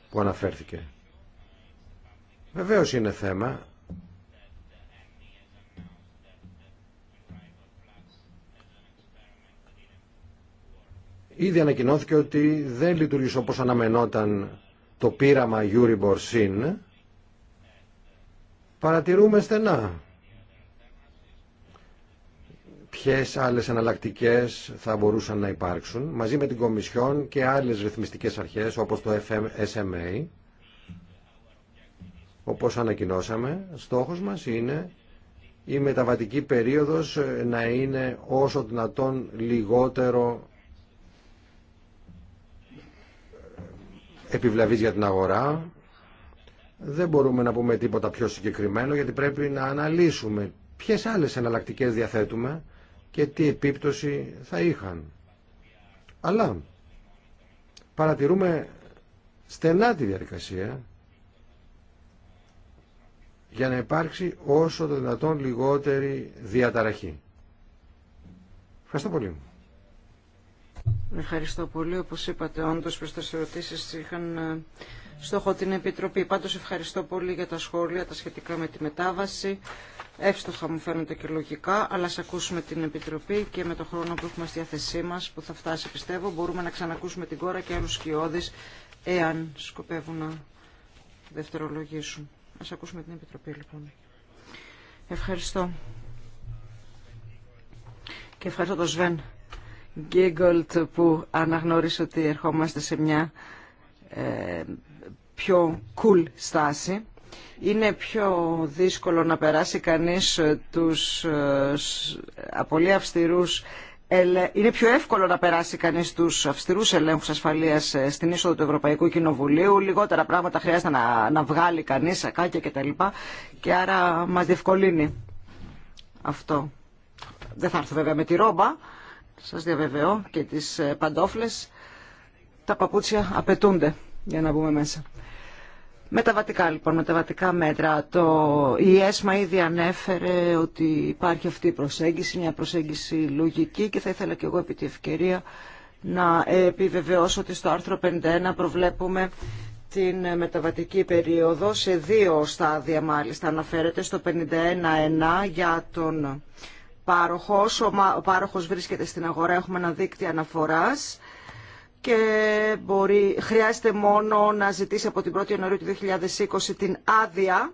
που αναφέρθηκε. Βεβαίως είναι θέμα. Ήδη ανακοινώθηκε ότι δεν λειτουργήσε όπως αναμενόταν το πείραμα Euribor Sin παρατηρούμε στενά ποιες άλλες εναλλακτικές θα μπορούσαν να υπάρξουν μαζί με την Κομισιόν και άλλες ρυθμιστικές αρχές όπως το SMA όπως ανακοινώσαμε στόχος μας είναι η μεταβατική περίοδος να είναι όσο δυνατόν λιγότερο επιβλαβής για την αγορά δεν μπορούμε να πούμε τίποτα πιο συγκεκριμένο γιατί πρέπει να αναλύσουμε ποιες άλλες εναλλακτικέ διαθέτουμε και τι επίπτωση θα είχαν. Αλλά παρατηρούμε στενά τη διαδικασία για να υπάρξει όσο το δυνατόν λιγότερη διαταραχή. Ευχαριστώ πολύ. Ευχαριστώ πολύ. Όπως είπατε, όντως προς τις ερωτήσεις είχαν ε, στόχο την Επιτροπή. Πάντως ευχαριστώ πολύ για τα σχόλια, τα σχετικά με τη μετάβαση. Εύστοχα μου φαίνονται και λογικά, αλλά σε ακούσουμε την Επιτροπή και με το χρόνο που έχουμε στη διάθεσή μα που θα φτάσει πιστεύω, μπορούμε να ξανακούσουμε την κόρα και άλλου σκιώδει, εάν σκοπεύουν να δευτερολογήσουν. Α ακούσουμε την Επιτροπή λοιπόν. Ευχαριστώ. Και ευχαριστώ τον Σβέν Γκίγκολτ που αναγνώρισε ότι ερχόμαστε σε μια ε, πιο cool στάση. Είναι πιο δύσκολο να περάσει κανείς ε, τους ε, πολύ αυστηρούς είναι πιο εύκολο να περάσει κανείς τους αυστηρούς ελέγχους ασφαλείας ε, στην είσοδο του Ευρωπαϊκού Κοινοβουλίου. Λιγότερα πράγματα χρειάζεται να, να βγάλει κανείς, σακάκια κτλ. Και άρα μας διευκολύνει αυτό. Δεν θα έρθω βέβαια με τη ρόμπα, σας διαβεβαιώ, και τις παντόφλες. Τα παπούτσια απαιτούνται για να μπούμε μέσα. Μεταβατικά λοιπόν, μεταβατικά μέτρα. Το... Η ΕΣΜΑ ήδη ανέφερε ότι υπάρχει αυτή η προσέγγιση, μια προσέγγιση λογική και θα ήθελα και εγώ επί τη ευκαιρία να επιβεβαιώσω ότι στο άρθρο 51 προβλέπουμε την μεταβατική περίοδο σε δύο στάδια μάλιστα αναφέρεται στο 51.1 για τον πάροχο. Ο πάροχος βρίσκεται στην αγορά, έχουμε ένα δίκτυο αναφοράς και μπορεί, χρειάζεται μόνο να ζητήσει από την 1η Ιανουαρίου του 2020 την άδεια.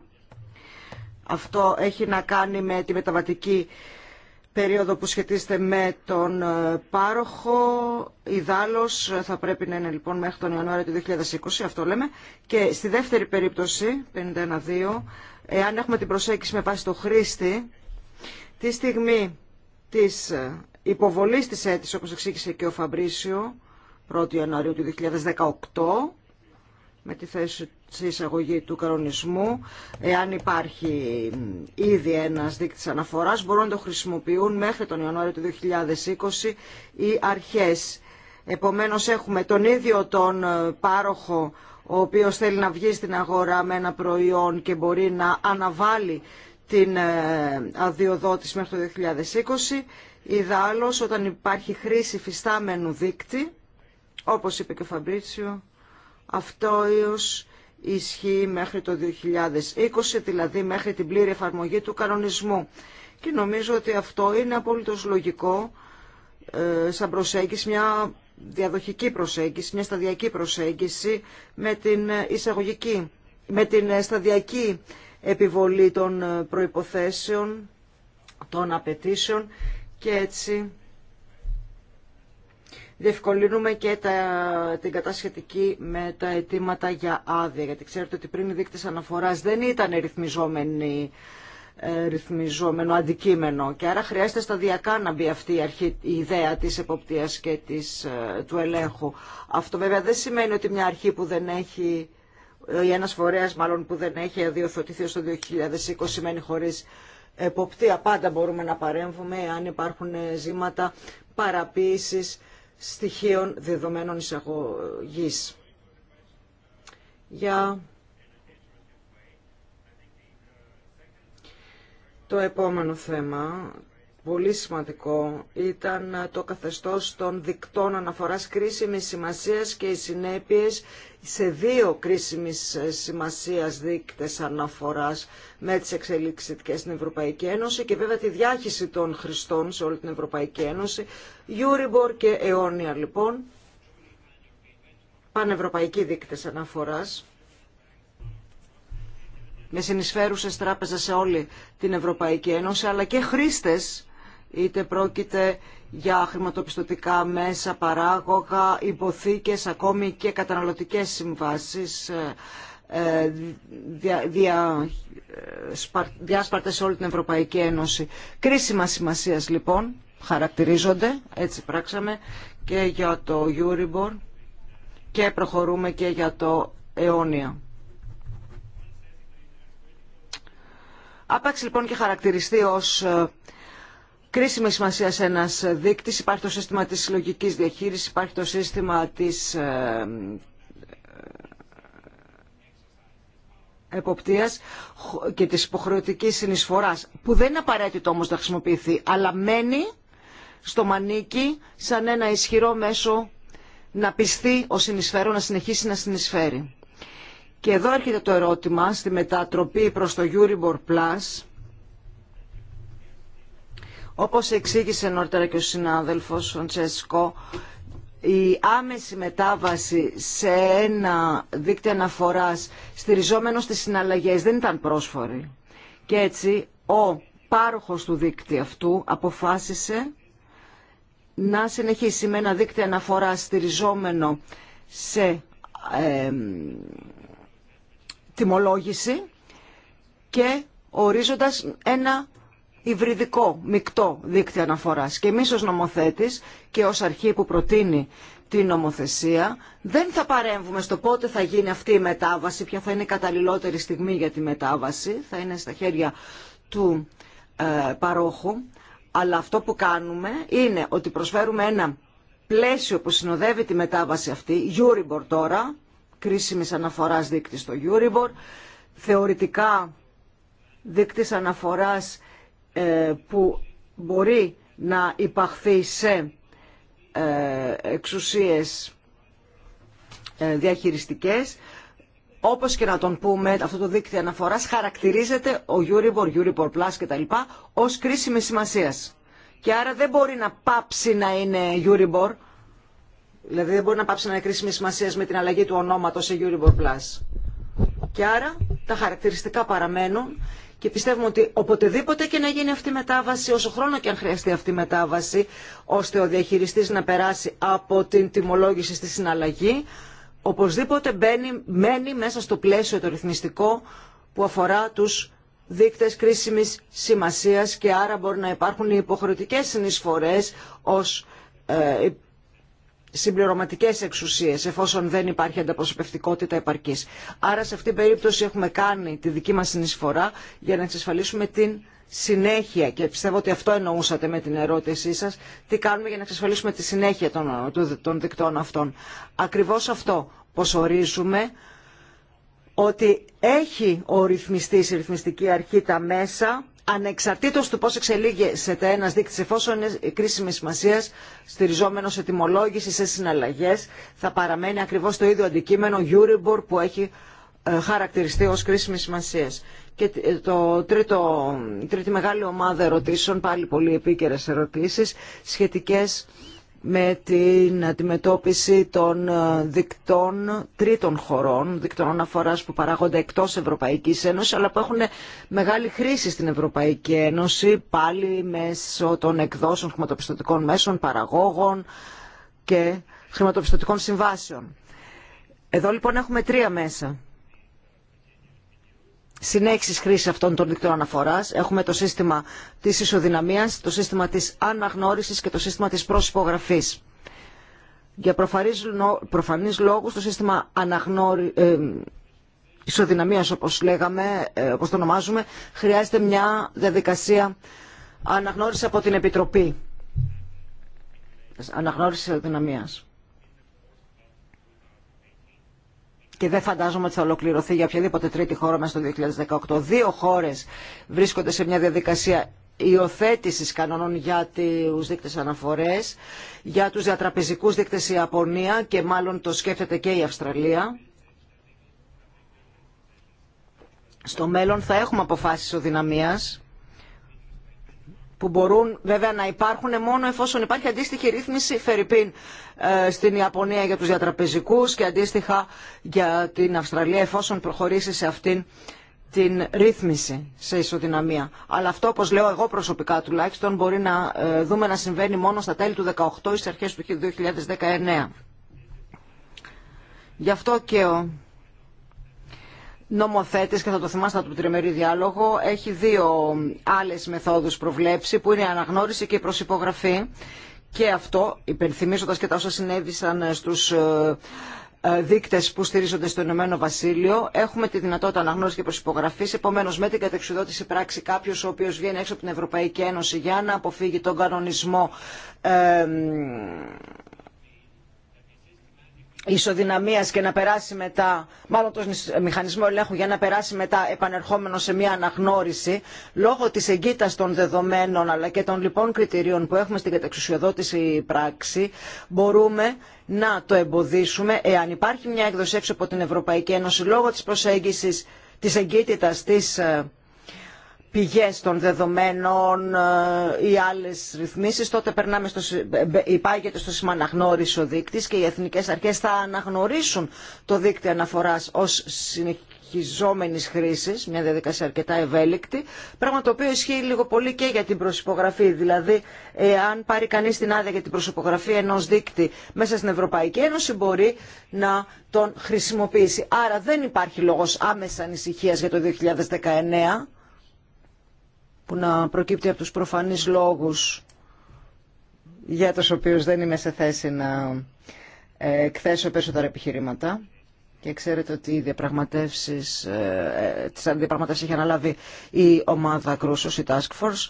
Αυτό έχει να κάνει με τη μεταβατική περίοδο που σχετίζεται με τον ε, πάροχο. δάλος ε, θα πρέπει να είναι λοιπόν μέχρι τον Ιανουάριο του 2020, αυτό λέμε. Και στη δεύτερη περίπτωση, 51-2, εάν έχουμε την προσέγγιση με βάση το χρήστη, τη στιγμή της ε, υποβολής της αίτησης, όπως εξήγησε και ο Φαμπρίσιο, 1η Ιανουαρίου του 2018 με τη θέση της εισαγωγή του κανονισμού. Εάν υπάρχει ήδη ένας δίκτυς αναφοράς, μπορούν να το χρησιμοποιούν μέχρι τον Ιανουάριο του 2020 οι αρχές. Επομένως έχουμε τον ίδιο τον ε, πάροχο ο οποίος θέλει να βγει στην αγορά με ένα προϊόν και μπορεί να αναβάλει την ε, αδειοδότηση μέχρι το 2020. Ιδάλλως όταν υπάρχει χρήση φυστάμενου δείκτη, όπως είπε και ο Φαμπρίτσιο, αυτό ίως ισχύει μέχρι το 2020, δηλαδή μέχρι την πλήρη εφαρμογή του κανονισμού. Και νομίζω ότι αυτό είναι απόλυτος λογικό ε, σαν προσέγγιση, μια διαδοχική προσέγγιση, μια σταδιακή προσέγγιση με την εισαγωγική, με την σταδιακή επιβολή των προϋποθέσεων, των απαιτήσεων και έτσι διευκολύνουμε και τα, την κατάσχετική με τα αιτήματα για άδεια. Γιατί ξέρετε ότι πριν οι δείκτε αναφορά δεν ήταν ρυθμιζόμενοι ε, ρυθμιζόμενο αντικείμενο και άρα χρειάζεται σταδιακά να μπει αυτή η, ιδέα της εποπτείας και ε, του ελέγχου. Αυτό βέβαια δεν σημαίνει ότι μια αρχή που δεν έχει ε, ή ένας φορέας μάλλον που δεν έχει αδειοθωτηθεί στο 2020 σημαίνει χωρίς εποπτεία. Πάντα μπορούμε να παρέμβουμε αν υπάρχουν ζήματα παραποίησης στοιχείων δεδομένων εισαγωγής. Για το επόμενο θέμα, πολύ σημαντικό ήταν ε, το καθεστώς των δικτών αναφοράς κρίσιμης σημασίας και οι συνέπειες σε δύο κρίσιμης ε, σημασίας δείκτες αναφοράς με τις εξελίξεις στην Ευρωπαϊκή Ένωση και βέβαια τη διάχυση των χρηστών σε όλη την Ευρωπαϊκή Ένωση, Euribor και αιώνια λοιπόν, πανευρωπαϊκοί δίκτες αναφοράς με συνεισφέρουσες τράπεζες σε όλη την Ευρωπαϊκή Ένωση, αλλά και χρήστες είτε πρόκειται για χρηματοπιστωτικά μέσα, παράγωγα, υποθήκες, ακόμη και καταναλωτικές συμβάσεις, ε, δια, διάσπαρτες σε όλη την Ευρωπαϊκή Ένωση. Κρίσιμα σημασίας λοιπόν χαρακτηρίζονται, έτσι πράξαμε, και για το Euribor και προχωρούμε και για το αιώνια. Άπαξ λοιπόν και χαρακτηριστεί ως ε, κρίσιμη σημασία σε ένας δείκτης. Υπάρχει το σύστημα τη συλλογική διαχείριση, υπάρχει το σύστημα της ε, ε, εποπτείας και της υποχρεωτικής συνεισφοράς, που δεν είναι απαραίτητο όμως να χρησιμοποιηθεί, αλλά μένει στο μανίκι σαν ένα ισχυρό μέσο να πιστεί ο συνεισφέρον να συνεχίσει να συνεισφέρει. Και εδώ έρχεται το ερώτημα στη μετατροπή προς το Euribor Plus, όπως εξήγησε νωρίτερα και ο συνάδελφος Φραντσέσκο, η άμεση μετάβαση σε ένα δίκτυο αναφοράς στηριζόμενο στις συναλλαγές δεν ήταν πρόσφορη. Και έτσι ο πάροχος του δίκτυου αυτού αποφάσισε να συνεχίσει με ένα δίκτυο αναφοράς στηριζόμενο σε ε, τιμολόγηση και ορίζοντας ένα υβριδικό, μεικτό δίκτυο αναφοράς. Και εμείς ως νομοθέτης και ως αρχή που προτείνει την νομοθεσία δεν θα παρέμβουμε στο πότε θα γίνει αυτή η μετάβαση, ποια θα είναι η καταλληλότερη στιγμή για τη μετάβαση, θα είναι στα χέρια του ε, παρόχου. Αλλά αυτό που κάνουμε είναι ότι προσφέρουμε ένα πλαίσιο που συνοδεύει τη μετάβαση αυτή, Euribor τώρα, κρίσιμης αναφοράς δείκτη στο Euribor, θεωρητικά δείκτης αναφοράς ε, που μπορεί να υπαχθεί σε ε, εξουσίες ε, διαχειριστικές όπως και να τον πούμε, αυτό το δίκτυο αναφοράς χαρακτηρίζεται ο Euribor, Euribor Plus κτλ. ως κρίσιμη σημασίας. Και άρα δεν μπορεί να πάψει να είναι Euribor, δηλαδή δεν μπορεί να πάψει να είναι κρίσιμη σημασίας με την αλλαγή του ονόματος σε Euribor Plus. Και άρα τα χαρακτηριστικά παραμένουν και πιστεύουμε ότι οποτεδήποτε και να γίνει αυτή η μετάβαση, όσο χρόνο και αν χρειαστεί αυτή η μετάβαση, ώστε ο διαχειριστής να περάσει από την τιμολόγηση στη συναλλαγή, οπωσδήποτε μένει μέσα στο πλαίσιο το ρυθμιστικό που αφορά τους δείκτες κρίσιμης σημασίας και άρα μπορεί να υπάρχουν οι υποχρεωτικές συνεισφορές ως ε, Συμπληρωματικέ εξουσίες εφόσον δεν υπάρχει ανταπροσωπευτικότητα επαρκής. Άρα σε αυτήν την περίπτωση έχουμε κάνει τη δική μας συνεισφορά για να εξασφαλίσουμε την συνέχεια και πιστεύω ότι αυτό εννοούσατε με την ερώτησή σας τι κάνουμε για να εξασφαλίσουμε τη συνέχεια των, των δικτών αυτών. Ακριβώς αυτό πω ορίζουμε ότι έχει ο ρυθμιστής, η ρυθμιστική αρχή τα μέσα ανεξαρτήτως του πώς εξελίγεται ένας δείκτης εφόσον είναι κρίσιμη σημασία στηριζόμενο σε τιμολόγηση, σε συναλλαγές θα παραμένει ακριβώς το ίδιο αντικείμενο Euribor που έχει ε, χαρακτηριστεί ως κρίσιμη σημασία. Και ε, το τρίτο, τρίτη μεγάλη ομάδα ερωτήσεων, πάλι πολύ επίκαιρες ερωτήσεις, σχετικές με την αντιμετώπιση των ε, δικτών τρίτων χωρών, δικτών αναφοράς που παράγονται εκτός Ευρωπαϊκής Ένωσης, αλλά που έχουν μεγάλη χρήση στην Ευρωπαϊκή Ένωση, πάλι μέσω των εκδόσεων χρηματοπιστωτικών μέσων, παραγόγων και χρηματοπιστωτικών συμβάσεων. Εδώ λοιπόν έχουμε τρία μέσα συνέχιση χρήση αυτών των δικτύων αναφορά. Έχουμε το σύστημα τη ισοδυναμία, το σύστημα τη αναγνώριση και το σύστημα τη προσυπογραφή. Για προφανείς λόγους το σύστημα αναγνώρι... ε, ισοδυναμίας όπως λέγαμε, ε, όπως το ονομάζουμε, χρειάζεται μια διαδικασία αναγνώριση από την Επιτροπή. Αναγνώριση ισοδυναμίας. και δεν φαντάζομαι ότι θα ολοκληρωθεί για οποιαδήποτε τρίτη χώρα μέσα στο 2018. Δύο χώρε βρίσκονται σε μια διαδικασία υιοθέτηση κανόνων για του δείκτε αναφορέ, για του διατραπεζικού δείκτε η Ιαπωνία και μάλλον το σκέφτεται και η Αυστραλία. Στο μέλλον θα έχουμε αποφάσεις οδυναμίας που μπορούν βέβαια να υπάρχουν μόνο εφόσον υπάρχει αντίστοιχη ρύθμιση Φερρυπίν ε, στην Ιαπωνία για τους διατραπεζικούς και αντίστοιχα για την Αυστραλία εφόσον προχωρήσει σε αυτήν την ρύθμιση σε ισοδυναμία. Αλλά αυτό, όπως λέω εγώ προσωπικά τουλάχιστον, μπορεί να ε, δούμε να συμβαίνει μόνο στα τέλη του 2018 ή στις αρχές του 2019. Γι' αυτό και ο νομοθέτης, και θα το θυμάστε από τον τριμερή διάλογο, έχει δύο άλλες μεθόδους προβλέψη, που είναι η αναγνώριση και η προσυπογραφή. Και αυτό, υπενθυμίζοντας και τα όσα συνέβησαν ε, στους ε, ε, δείκτες που στηρίζονται στο Ηνωμένο Βασίλειο. Έχουμε τη δυνατότητα αναγνώριση και προσυπογραφή. Επομένω, με την κατεξουδότηση πράξη κάποιο ο οποίο βγαίνει έξω από την Ευρωπαϊκή Ένωση για να αποφύγει τον κανονισμό ισοδυναμίας και να περάσει μετά, μάλλον τον μηχανισμό ελέγχου για να περάσει μετά επανερχόμενο σε μια αναγνώριση, λόγω τη εγκύτας των δεδομένων αλλά και των λοιπόν κριτηρίων που έχουμε στην καταξουσιοδότηση πράξη, μπορούμε να το εμποδίσουμε εάν υπάρχει μια έκδοση έξω από την Ευρωπαϊκή Ένωση λόγω τη προσέγγισης της εγκύτητας της ε, Πηγέ των δεδομένων ή ε, άλλε ρυθμίσει, τότε περνάμε στο, ε, υπάγεται στο σήμα αναγνώριση ο δείκτης και οι εθνικέ αρχέ θα αναγνωρίσουν το δείκτη αναφοράς ως συνεχιζόμενης χρήσης, μια διαδικασία αρκετά ευέλικτη, πράγμα το οποίο ισχύει λίγο πολύ και για την προσυπογραφή. Δηλαδή, αν πάρει κανείς την άδεια για την προσυπογραφή ενός δείκτη μέσα στην Ευρωπαϊκή Ένωση, μπορεί να τον χρησιμοποιήσει. Άρα δεν υπάρχει λόγος άμεσα ανησυχία για το 2019 που να προκύπτει από τους προφανείς λόγους για τους οποίους δεν είμαι σε θέση να ε, εκθέσω περισσότερα επιχειρήματα. Και ξέρετε ότι οι διαπραγματεύσεις, ε, ε τις διαπραγματεύσεις είχε αναλάβει η ομάδα Κρούσος, η Task Force.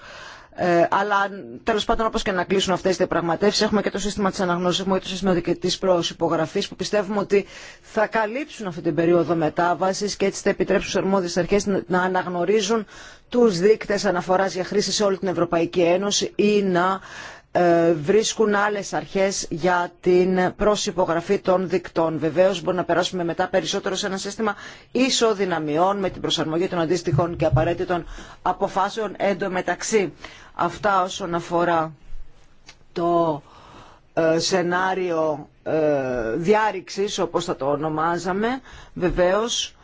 Ε, αλλά τέλο πάντων, όπω και να κλείσουν αυτέ οι διαπραγματεύσει, έχουμε και το σύστημα τη αναγνώρισης, έχουμε και το σύστημα τη προσυπογραφή, που πιστεύουμε ότι θα καλύψουν αυτή την περίοδο μετάβαση και έτσι θα επιτρέψουν στου αρμόδιε αρχέ να αναγνωρίζουν του δείκτε αναφορά για χρήση σε όλη την Ευρωπαϊκή Ένωση ή να ε, βρίσκουν άλλες αρχές για την προσυπογραφή των δικτών. Βεβαίως μπορεί να περάσουμε μετά περισσότερο σε ένα σύστημα ισοδυναμιών με την προσαρμογή των αντίστοιχων και απαραίτητων αποφάσεων εντωμεταξύ. Αυτά όσον αφορά το ε, σενάριο ε, διάρρηξης, όπως θα το ονομάζαμε, βεβαίως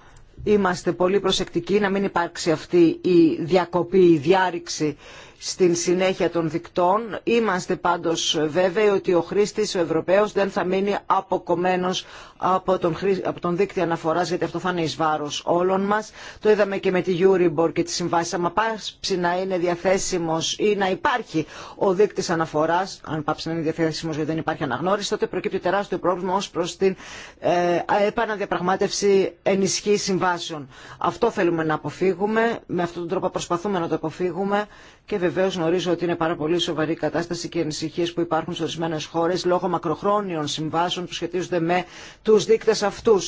είμαστε πολύ προσεκτικοί να μην υπάρξει αυτή η διακοπή, η διάρρηξη στην συνέχεια των δικτών. Είμαστε πάντως βέβαιοι ότι ο χρήστης, ο Ευρωπαίος, δεν θα μείνει αποκομμένος από τον, από τον δίκτυο αναφοράς, γιατί αυτό θα είναι εις βάρος όλων μας. Το είδαμε και με τη Euribor και τις συμβάσεις. Αν πάψει να είναι διαθέσιμος ή να υπάρχει ο δίκτυος αναφοράς, αν πάψει να είναι διαθέσιμος γιατί δεν υπάρχει αναγνώριση, τότε προκύπτει τεράστιο πρόβλημα ως προς την ε, επαναδιαπραγμάτευση ενισχύ συμβάσεων. Αυτό θέλουμε να αποφύγουμε, με αυτόν τον τρόπο προσπαθούμε να το αποφύγουμε και βεβαίω γνωρίζω ότι είναι πάρα πολύ σοβαρή η κατάσταση και οι ανησυχίε που υπάρχουν σε ορισμένε χώρε λόγω μακροχρόνιων συμβάσεων που σχετίζονται με του δείκτε αυτού.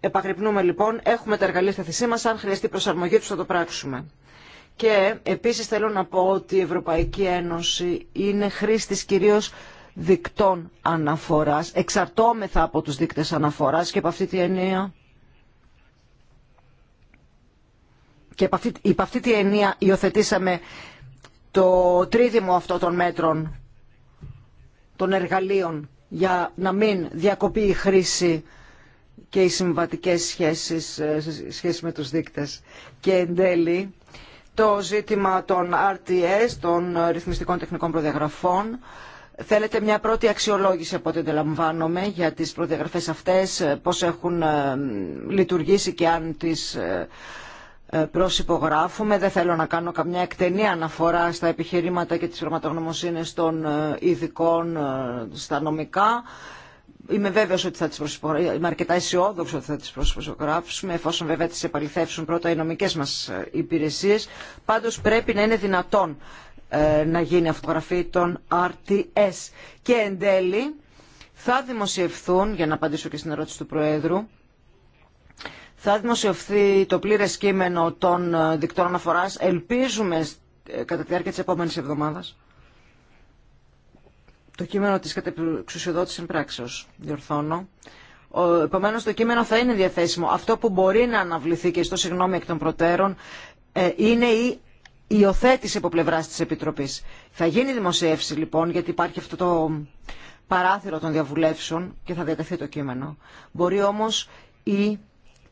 Επαγρυπνούμε λοιπόν, έχουμε τα εργαλεία στα θυσία μα. Αν χρειαστεί προσαρμογή του, θα το πράξουμε. Και επίση θέλω να πω ότι η Ευρωπαϊκή Ένωση είναι χρήστη κυρίω δικτών αναφοράς, εξαρτώμεθα από τους δείκτες αναφοράς και από αυτή τη ενία και υπ' αυτή τη ενία υιοθετήσαμε το τρίδημο αυτό των μέτρων, των εργαλείων, για να μην διακοπεί η χρήση και οι συμβατικές σχέσεις, ε, σχέση με τους δείκτες. Και εν τέλει, το ζήτημα των RTS, των ρυθμιστικών τεχνικών προδιαγραφών, Θέλετε μια πρώτη αξιολόγηση από ό,τι αντιλαμβάνομαι για τις προδιαγραφές αυτές, ε, πώς έχουν ε, λειτουργήσει και αν τις ε, προσυπογράφουμε. Δεν θέλω να κάνω καμιά εκτενή αναφορά στα επιχειρήματα και τις πραγματογνωμοσύνες των ε, ειδικών ε, στα νομικά. Είμαι βέβαιος ότι θα τις προσυπογράψουμε, είμαι αρκετά αισιόδοξο ότι θα τις προσυπογράψουμε, εφόσον βέβαια τις επαληθεύσουν πρώτα οι νομικές μας υπηρεσίες. Πάντως πρέπει να είναι δυνατόν να γίνει αυτογραφή των RTS. Και εν τέλει θα δημοσιευθούν, για να απαντήσω και στην ερώτηση του Προέδρου, θα δημοσιευθεί το πλήρες κείμενο των ε, δικτών αναφορά. Ελπίζουμε ε, κατά τη διάρκεια της επόμενης εβδομάδας το κείμενο της κατεξουσιοδότησης πράξεως. Διορθώνω. Επομένως το κείμενο θα είναι διαθέσιμο. Αυτό που μπορεί να αναβληθεί και στο συγγνώμη εκ των προτέρων ε, είναι η υιοθέτηση από πλευρά τη Επιτροπή. Θα γίνει δημοσίευση λοιπόν, γιατί υπάρχει αυτό το παράθυρο των διαβουλεύσεων και θα διατεθεί το κείμενο. Μπορεί όμω η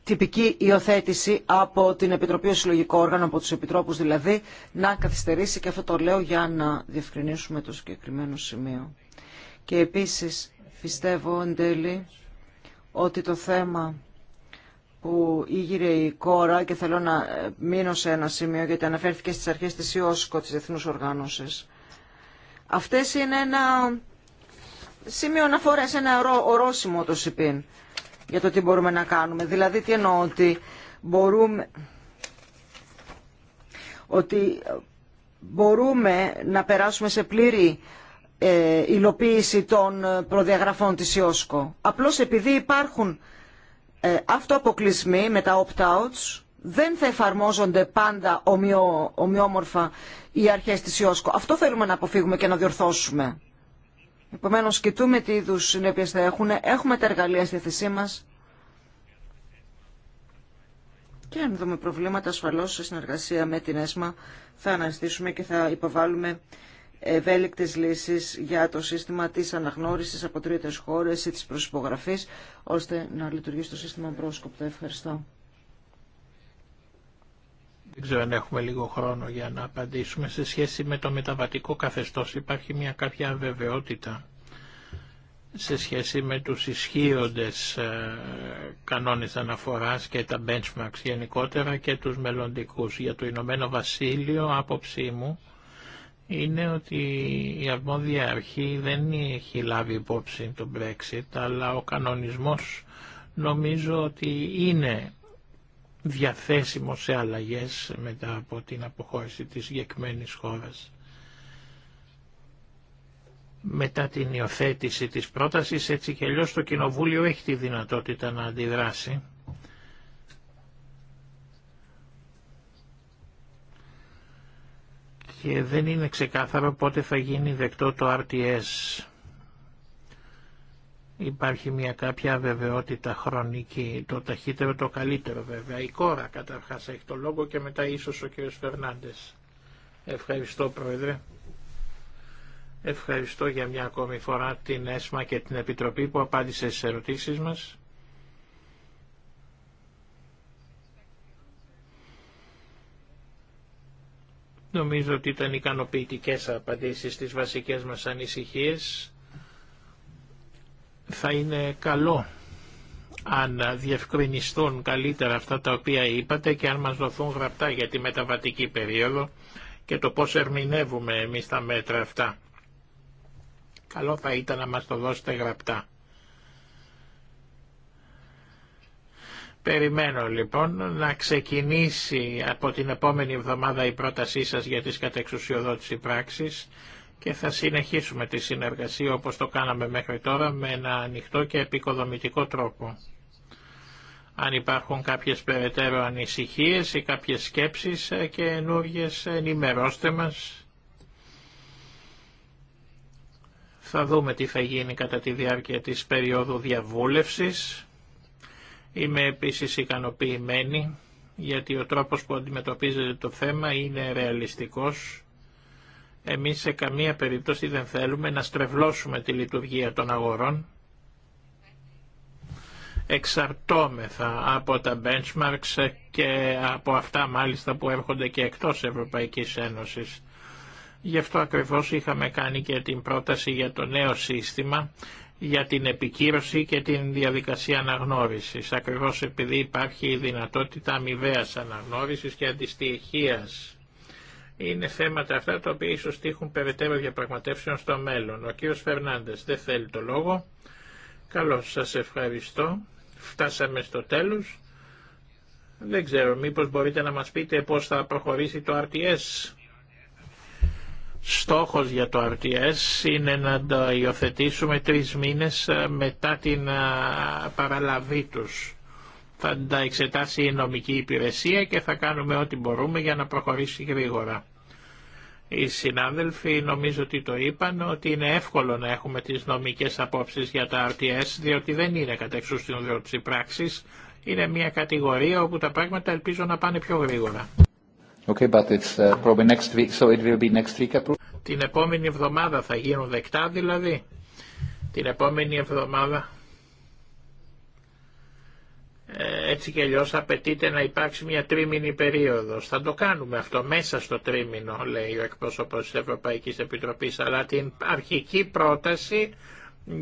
τυπική υιοθέτηση από την Επιτροπή ως Συλλογικό Όργανο, από τους Επιτρόπους δηλαδή, να καθυστερήσει και αυτό το λέω για να διευκρινίσουμε το συγκεκριμένο σημείο. Και επίσης πιστεύω εν τέλει ότι το θέμα που ήγηρε η κόρα και θέλω να μείνω σε ένα σημείο γιατί αναφέρθηκε στις αρχές της ΙΟΣΚΟ της Εθνούς Οργάνωσης. Αυτές είναι ένα σημείο αναφοράς, ένα ορόσημο το ΣΥΠΗΝ για το τι μπορούμε να κάνουμε. Δηλαδή τι εννοώ ότι μπορούμε, ότι μπορούμε να περάσουμε σε πλήρη ε, υλοποίηση των προδιαγραφών της ΙΟΣΚΟ. Απλώς επειδή υπάρχουν ε, αυτοαποκλεισμοί με τα opt-outs, δεν θα εφαρμόζονται πάντα ομοιό, ομοιόμορφα οι αρχές της ΙΟΣΚΟ. Αυτό θέλουμε να αποφύγουμε και να διορθώσουμε. Επομένω, κοιτούμε τι είδου συνέπειε θα έχουν. Έχουμε τα εργαλεία στη θέσή μα. Και αν δούμε προβλήματα, ασφαλώ σε συνεργασία με την ΕΣΜΑ θα αναστήσουμε και θα υποβάλουμε ευέλικτε λύσεις για το σύστημα της αναγνώρισης από τρίτε χώρε ή τη προσυπογραφή, ώστε να λειτουργήσει το σύστημα πρόσκοπτα. Ευχαριστώ. Δεν ξέρω αν έχουμε λίγο χρόνο για να απαντήσουμε. Σε σχέση με το μεταβατικό καθεστώς υπάρχει μια κάποια αβεβαιότητα σε σχέση με τους ισχύοντες ε, κανόνες αναφοράς και τα benchmarks γενικότερα και τους μελλοντικούς. Για το Ηνωμένο Βασίλειο, άποψή μου, είναι ότι η αρμόδια αρχή δεν έχει λάβει υπόψη το Brexit, αλλά ο κανονισμός νομίζω ότι είναι διαθέσιμο σε αλλαγές μετά από την αποχώρηση της γεκμένης χώρας. Μετά την υιοθέτηση της πρότασης έτσι και αλλιώς το Κοινοβούλιο έχει τη δυνατότητα να αντιδράσει. Και δεν είναι ξεκάθαρο πότε θα γίνει δεκτό το RTS. Υπάρχει μια κάποια βεβαιότητα χρονική, το ταχύτερο το καλύτερο βέβαια. Η κόρα καταρχάς έχει το λόγο και μετά ίσως ο κ. Φερνάντες. Ευχαριστώ Πρόεδρε. Ευχαριστώ για μια ακόμη φορά την ΕΣΜΑ και την Επιτροπή που απάντησε στις ερωτήσεις μας. Νομίζω ότι ήταν ικανοποιητικές απαντήσεις στις βασικές μας ανησυχίες θα είναι καλό αν διευκρινιστούν καλύτερα αυτά τα οποία είπατε και αν μας δοθούν γραπτά για τη μεταβατική περίοδο και το πώς ερμηνεύουμε εμείς τα μέτρα αυτά. Καλό θα ήταν να μας το δώσετε γραπτά. Περιμένω λοιπόν να ξεκινήσει από την επόμενη εβδομάδα η πρότασή σας για τις κατεξουσιοδότηση πράξης και θα συνεχίσουμε τη συνεργασία όπως το κάναμε μέχρι τώρα με ένα ανοιχτό και επικοδομητικό τρόπο. Αν υπάρχουν κάποιες περαιτέρω ανησυχίες ή κάποιες σκέψεις ε, και ενούργιες ενημερώστε μας. Θα δούμε τι θα γίνει κατά τη διάρκεια της περίοδου διαβούλευσης. Είμαι επίσης ικανοποιημένη γιατί ο τρόπος που αντιμετωπίζεται το θέμα είναι ρεαλιστικός εμείς σε καμία περίπτωση δεν θέλουμε να στρεβλώσουμε τη λειτουργία των αγορών. Εξαρτώμεθα από τα benchmarks και από αυτά μάλιστα που έρχονται και εκτός Ευρωπαϊκής Ένωσης. Γι' αυτό ακριβώς είχαμε κάνει και την πρόταση για το νέο σύστημα για την επικύρωση και την διαδικασία αναγνώρισης, ακριβώς επειδή υπάρχει η δυνατότητα αμοιβαίας αναγνώρισης και αντιστοιχίας. Είναι θέματα αυτά τα οποία ίσως τύχουν περαιτέρω διαπραγματεύσεων στο μέλλον. Ο κύριος Φερνάντες δεν θέλει το λόγο. Καλώ σας ευχαριστώ. Φτάσαμε στο τέλος. Δεν ξέρω, μήπως μπορείτε να μας πείτε πώς θα προχωρήσει το RTS. Στόχος για το RTS είναι να το υιοθετήσουμε τρεις μήνες ε, μετά την ε, παραλαβή τους θα τα εξετάσει η νομική υπηρεσία και θα κάνουμε ό,τι μπορούμε για να προχωρήσει γρήγορα. Οι συνάδελφοι νομίζω ότι το είπαν ότι είναι εύκολο να έχουμε τις νομικές απόψεις για τα RTS διότι δεν είναι στην εξουσιοδότηση πράξης. Είναι μια κατηγορία όπου τα πράγματα ελπίζω να πάνε πιο γρήγορα. Okay, but it's uh, next week, so it will be next week. Την επόμενη εβδομάδα θα γίνουν δεκτά δηλαδή. Την επόμενη εβδομάδα ε, έτσι και αλλιώς απαιτείται να υπάρξει μια τρίμηνη περίοδος. Θα το κάνουμε αυτό μέσα στο τρίμηνο, λέει ο εκπρόσωπος της Ευρωπαϊκής Επιτροπής, αλλά την αρχική πρόταση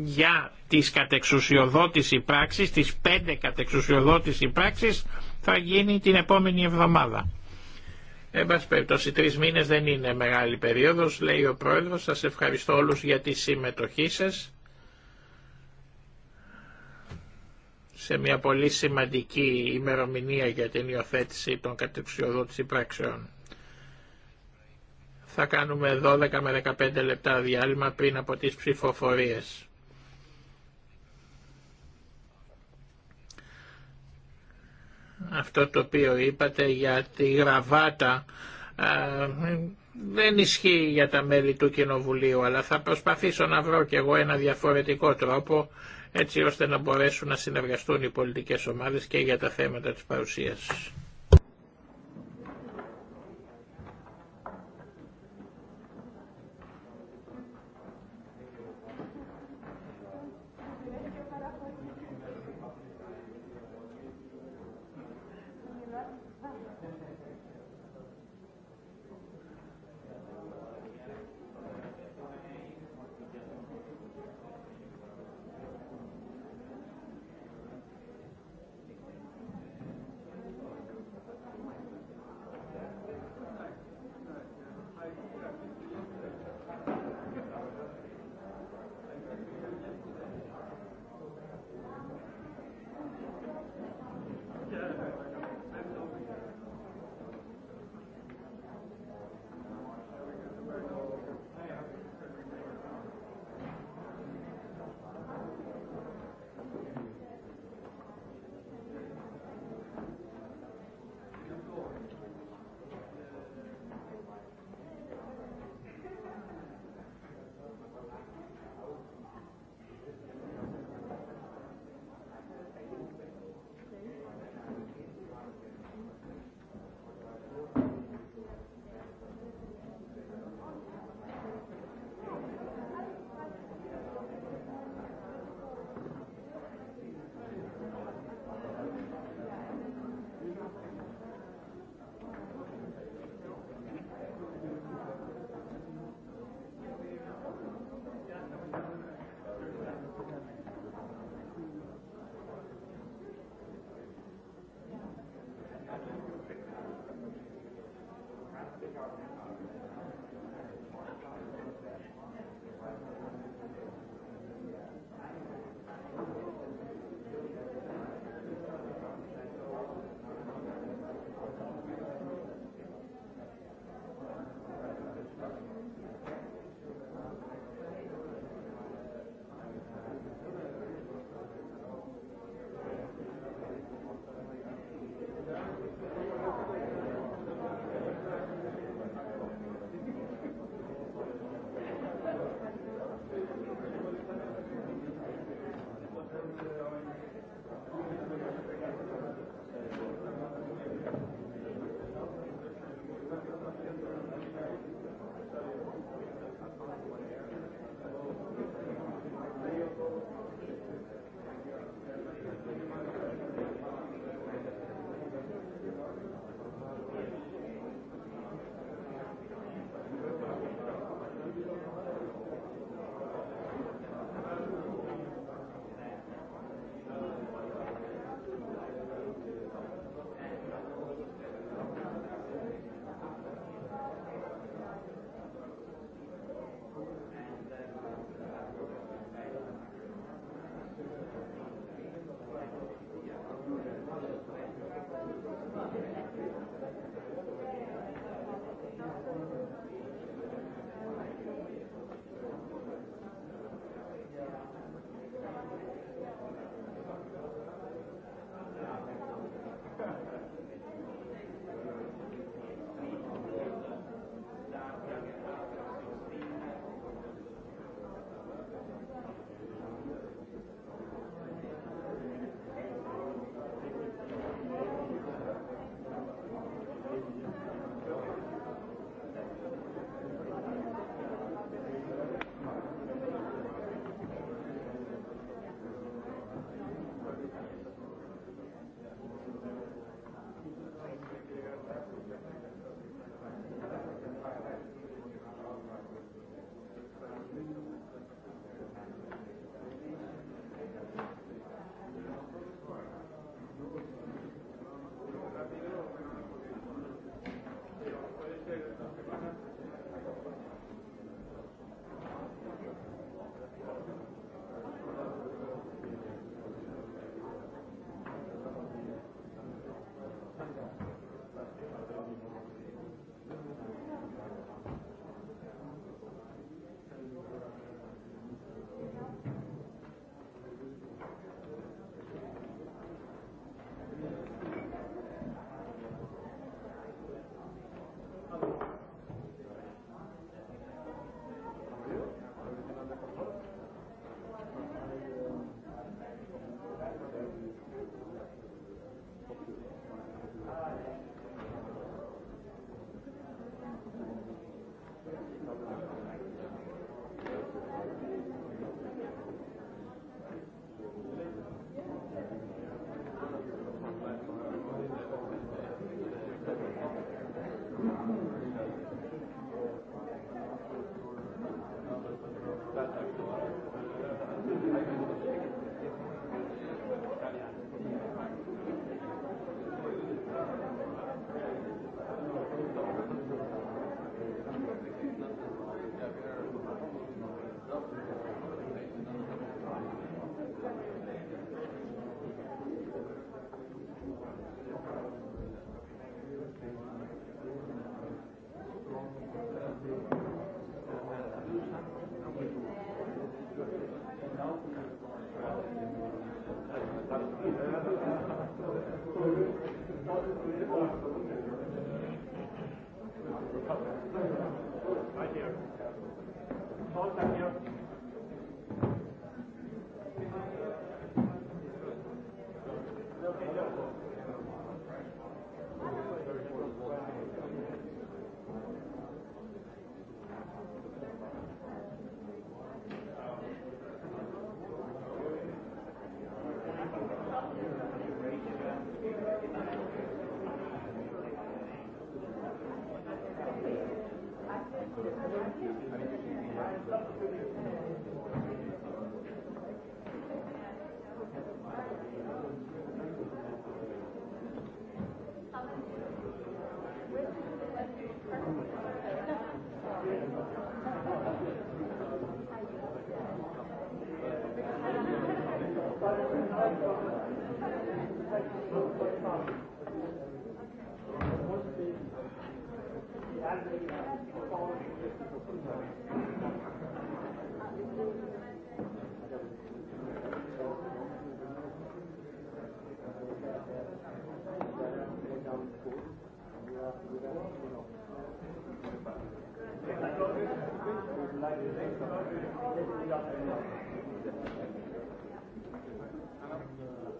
για τις κατεξουσιοδότηση πράξεις, τις πέντε κατεξουσιοδότηση πράξεις, θα γίνει την επόμενη εβδομάδα. Εν πάση περιπτώσει, τρει μήνε δεν είναι μεγάλη περίοδο, λέει ο πρόεδρο. Σα ευχαριστώ όλου για τη συμμετοχή σα. σε μια πολύ σημαντική ημερομηνία για την υιοθέτηση των κατεξιοδότηση πράξεων. Θα κάνουμε 12 με 15 λεπτά διάλειμμα πριν από τις ψηφοφορίες. Αυτό το οποίο είπατε για τη γραβάτα δεν ισχύει για τα μέλη του Κοινοβουλίου, αλλά θα προσπαθήσω να βρω κι εγώ ένα διαφορετικό τρόπο έτσι ώστε να μπορέσουν να συνεργαστούν οι πολιτικές ομάδες και για τα θέματα της παρουσίας.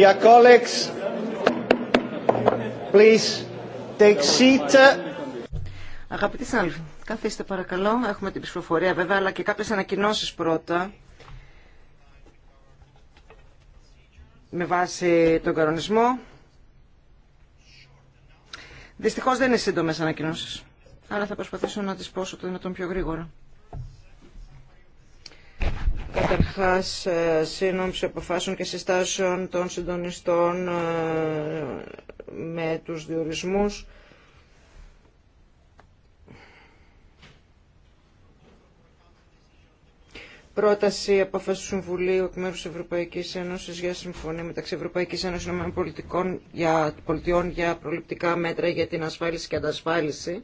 Dear colleagues, please take seat. Αγαπητοί συνάδελφοι, καθίστε παρακαλώ. Έχουμε την ψηφοφορία βέβαια, αλλά και κάποιες ανακοινώσεις πρώτα. Με βάση τον κανονισμό. Δυστυχώς δεν είναι σύντομες ανακοινώσεις, αλλά θα προσπαθήσω να τις πω το δυνατόν πιο γρήγορα. Καταρχάς, ε, σύνομψη αποφάσεων και συστάσεων των συντονιστών ε, με τους διορισμούς. Πρόταση απόφαση του Συμβουλίου εκ μέρου Ευρωπαϊκή Ένωση για συμφωνία μεταξύ Ευρωπαϊκή Ένωση και Πολιτικών για, Πολιτιών για προληπτικά μέτρα για την ασφάλιση και αντασφάλιση.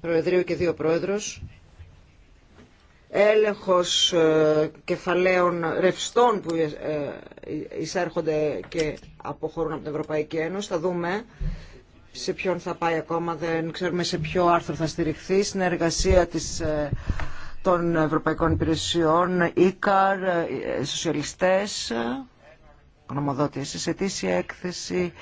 Προεδρείο και δύο πρόεδρος έλεγχος ε, κεφαλαίων ρευστών που ε, εισέρχονται και αποχωρούν από την Ευρωπαϊκή Ένωση. Θα δούμε σε ποιον θα πάει ακόμα, δεν ξέρουμε σε ποιο άρθρο θα στηριχθεί. Συνεργασία της, ε, των Ευρωπαϊκών Υπηρεσιών, ΙΚΑΡ, σοσιαλιστές γνωμοδότηση, σε αιτήσια έκθεση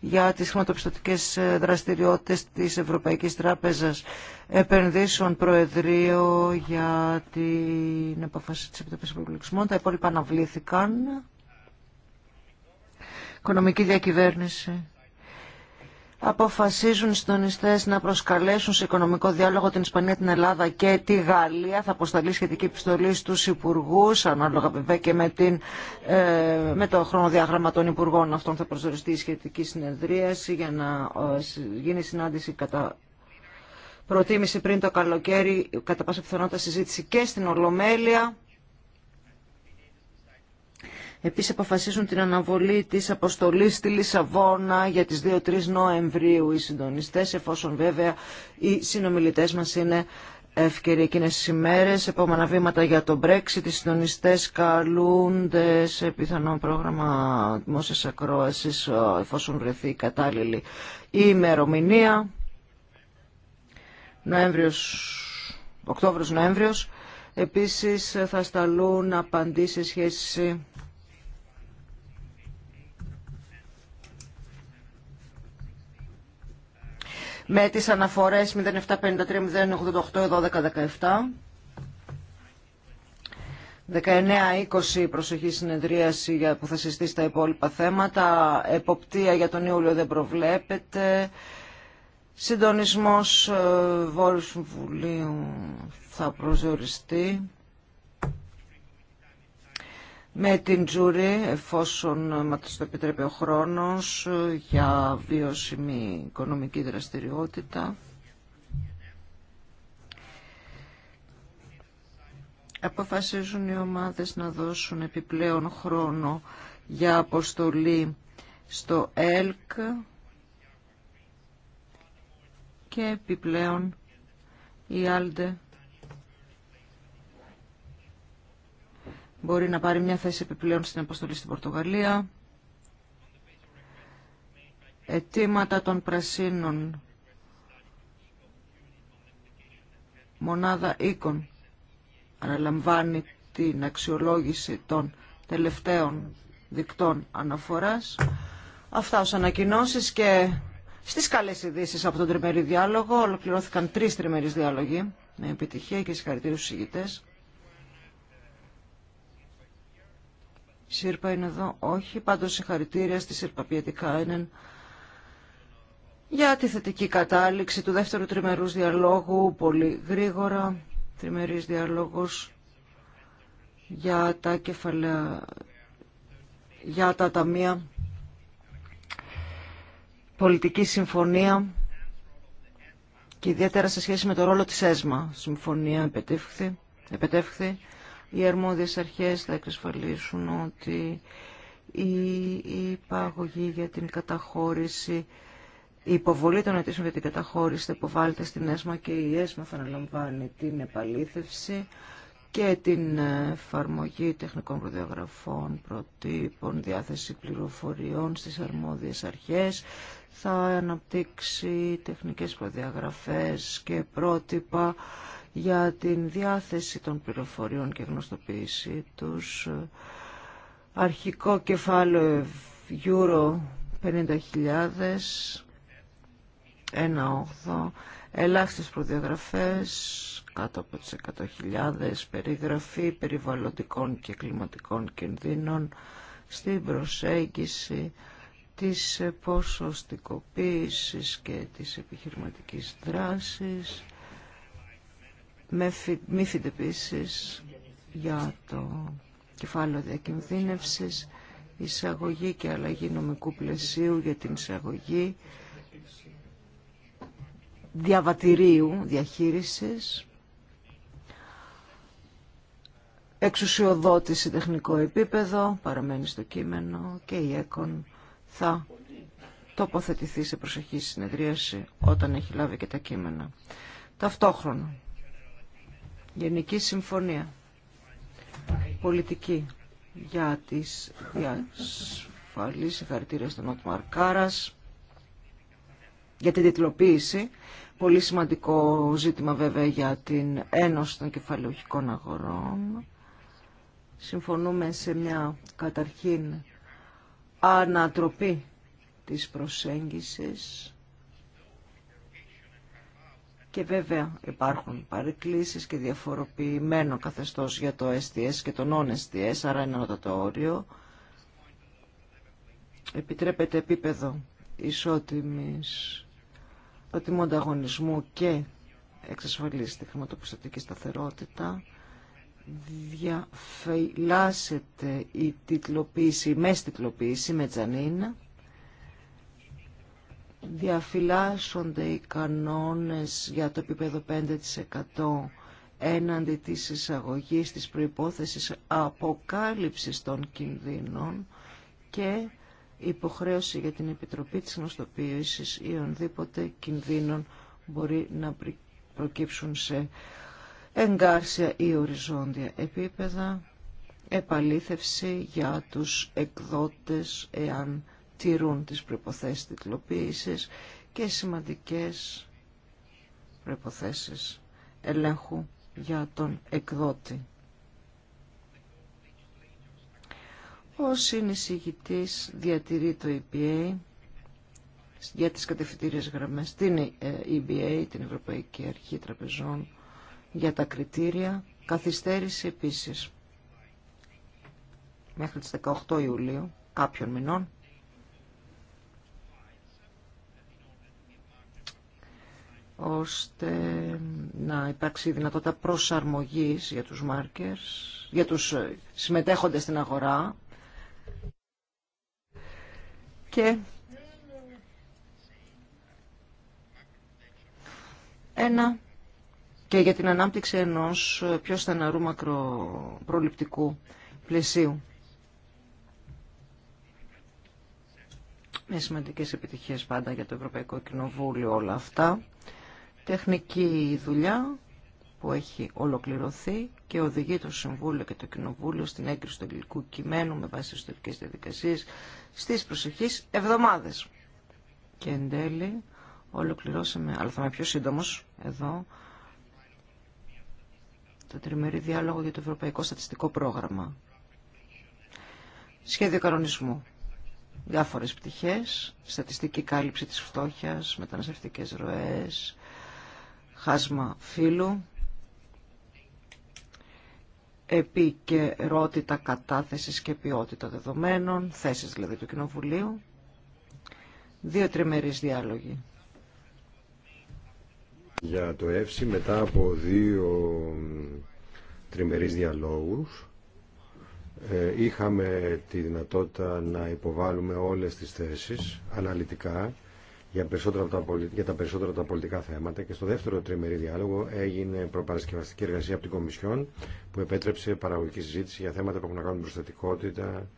για τις χρηματοπιστωτικές δραστηριότητες της Ευρωπαϊκής Τράπεζας Επενδύσεων Προεδρείο για την επαφάση της Επιτροπής Προπολογισμών. Τα υπόλοιπα αναβλήθηκαν. Οικονομική διακυβέρνηση αποφασίζουν οι συντονιστέ να προσκαλέσουν σε οικονομικό διάλογο την Ισπανία, την Ελλάδα και τη Γαλλία. Θα αποσταλεί σχετική επιστολή στου υπουργού, ανάλογα βέβαια και με, την, ε, με το χρονοδιάγραμμα των υπουργών αυτών θα προσδοριστεί η σχετική συνεδρίαση για να γίνει συνάντηση κατά προτίμηση πριν το καλοκαίρι, κατά πάσα πιθανότητα συζήτηση και στην Ολομέλεια Επίσης αποφασίζουν την αναβολή της αποστολής στη Λισαβόνα για τις 2-3 Νοεμβρίου οι συντονιστέ, εφόσον βέβαια οι συνομιλητές μας είναι ευκαιρία εκείνε τι ημέρε. Επόμενα βήματα για το Brexit. Οι συντονιστέ καλούνται σε πιθανό πρόγραμμα δημόσια ακρόαση ε, εφόσον βρεθεί η κατάλληλη η ημερομηνία. Νοέμβριος, Οκτώβριος-Νοέμβριος. Επίσης ε, θα σταλούν απαντήσεις σχέση με τις αναφορές 0753-088-1217. 19-20 προσοχή συνεδρίαση για, που θα συστήσει τα υπόλοιπα θέματα. Εποπτεία για τον Ιούλιο δεν προβλέπεται. Συντονισμός ε, Βόλου Συμβουλίου θα προσδιοριστεί με την Τζούρι, εφόσον μας το επιτρέπει ο χρόνος, για βιώσιμη οικονομική δραστηριότητα. Αποφασίζουν οι ομάδες να δώσουν επιπλέον χρόνο για αποστολή στο ΕΛΚ και επιπλέον η Άλντε μπορεί να πάρει μια θέση επιπλέον στην αποστολή στην Πορτογαλία. Ετήματα των πρασίνων μονάδα οίκων αναλαμβάνει την αξιολόγηση των τελευταίων δικτών αναφοράς. Αυτά ως ανακοινώσεις και στις καλές ειδήσει από τον τριμερή διάλογο ολοκληρώθηκαν τρεις τριμερείς διάλογοι με επιτυχία και συγχαρητήρους στους Σύρπα είναι εδώ. Όχι. Πάντως συγχαρητήρια στη Σύρπα Πιετικάινεν για τη θετική κατάληξη του δεύτερου τριμερούς διαλόγου πολύ γρήγορα. Τριμερής διαλόγος για τα κεφαλαία, για τα ταμεία. Πολιτική συμφωνία και ιδιαίτερα σε σχέση με το ρόλο της ΕΣΜΑ. Συμφωνία επετεύχθη. επετεύχθη οι αρμόδιες αρχές θα εξασφαλίσουν ότι η υπαγωγή για την καταχώρηση, η υποβολή των αιτήσεων για την καταχώρηση θα υποβάλλεται στην ΕΣΜΑ και η ΕΣΜΑ θα αναλαμβάνει την επαλήθευση και την εφαρμογή τεχνικών προδιαγραφών, προτύπων, διάθεση πληροφοριών στις αρμόδιες αρχές, θα αναπτύξει τεχνικές προδιαγραφές και πρότυπα για την διάθεση των πληροφοριών και γνωστοποίησή τους. Αρχικό κεφάλαιο Euro 50.000, 1.8 ελάχιστες προδιαγραφές κάτω από τις 100.000, περιγραφή περιβαλλοντικών και κλιματικών κινδύνων στην προσέγγιση της ποσοστικοποίησης και της επιχειρηματικής δράσης Μύφιντ επίση για το κεφάλαιο διακινδύνευσης, εισαγωγή και αλλαγή νομικού πλαισίου για την εισαγωγή διαβατηρίου διαχείρισης, εξουσιοδότηση τεχνικό επίπεδο, παραμένει στο κείμενο και η ΕΚΟΝ θα τοποθετηθεί σε προσεχή συνεδρίαση όταν έχει λάβει και τα κείμενα. Ταυτόχρονα Γενική Συμφωνία Πολιτική για τις διασφαλείς συγχαρητήρια στον Οτμαρ Κάρας για την τιτλοποίηση. Πολύ σημαντικό ζήτημα βέβαια για την Ένωση των Κεφαλαιοχικών Αγορών. Συμφωνούμε σε μια καταρχήν ανατροπή της προσέγγισης και βέβαια υπάρχουν παρεκκλήσεις και διαφοροποιημένο καθεστώς για το STS και το non-STS, άρα είναι το όριο. Επιτρέπεται επίπεδο ισότιμης προτιμού ανταγωνισμού και εξασφαλίστη τη χρηματοπιστωτική σταθερότητα. Διαφυλάσσεται η τιτλοποίηση, με με τζανίνα διαφυλάσσονται οι κανόνες για το επίπεδο 5% έναντι της εισαγωγής της προϋπόθεσης αποκάλυψης των κινδύνων και υποχρέωση για την Επιτροπή της Γνωστοποίησης ή ονδήποτε κινδύνων μπορεί να προκύψουν σε εγκάρσια ή οριζόντια επίπεδα, επαλήθευση για τους εκδότες εάν τηρούν τις προϋποθέσεις τιτλοποίησης και σημαντικές προϋποθέσεις ελέγχου για τον εκδότη. Ο συνεισηγητής διατηρεί το EPA για τις κατευθυντήριες γραμμές, την ε, EBA, την Ευρωπαϊκή Αρχή Τραπεζών, για τα κριτήρια, καθυστέρηση επίσης μέχρι τις 18 Ιουλίου κάποιων μηνών ώστε να υπάρξει δυνατότητα προσαρμογής για τους μάρκες, για τους ε, συμμετέχοντες στην αγορά και ένα και για την ανάπτυξη ενός πιο στεναρού μακροπροληπτικού πλαισίου. Με σημαντικές επιτυχίες πάντα για το Ευρωπαϊκό Κοινοβούλιο όλα αυτά τεχνική δουλειά που έχει ολοκληρωθεί και οδηγεί το Συμβούλιο και το Κοινοβούλιο στην έγκριση του ελληνικού κειμένου με βάση ιστορικές διαδικασίες στις προσεχείς εβδομάδες. Και εν τέλει ολοκληρώσαμε, αλλά θα είμαι πιο σύντομος εδώ, το τριμερή διάλογο για το Ευρωπαϊκό Στατιστικό Πρόγραμμα. Σχέδιο κανονισμού. Διάφορες πτυχές, στατιστική κάλυψη της φτώχειας, μεταναστευτικές ροές, χάσμα φύλου, επικαιρότητα κατάθεσης και ποιότητα δεδομένων, θέσεις δηλαδή του Κοινοβουλίου, δύο τριμερείς διάλογοι. Για το ΕΦΣΙ μετά από δύο τριμερείς διαλόγους ε, είχαμε τη δυνατότητα να υποβάλουμε όλες τις θέσεις αναλυτικά για, περισσότερα τα για τα περισσότερα από τα πολιτικά θέματα και στο δεύτερο τριμερή διάλογο έγινε προπαρασκευαστική εργασία από την Κομισιόν που επέτρεψε παραγωγική συζήτηση για θέματα που έχουν να κάνουν προστατικότητα,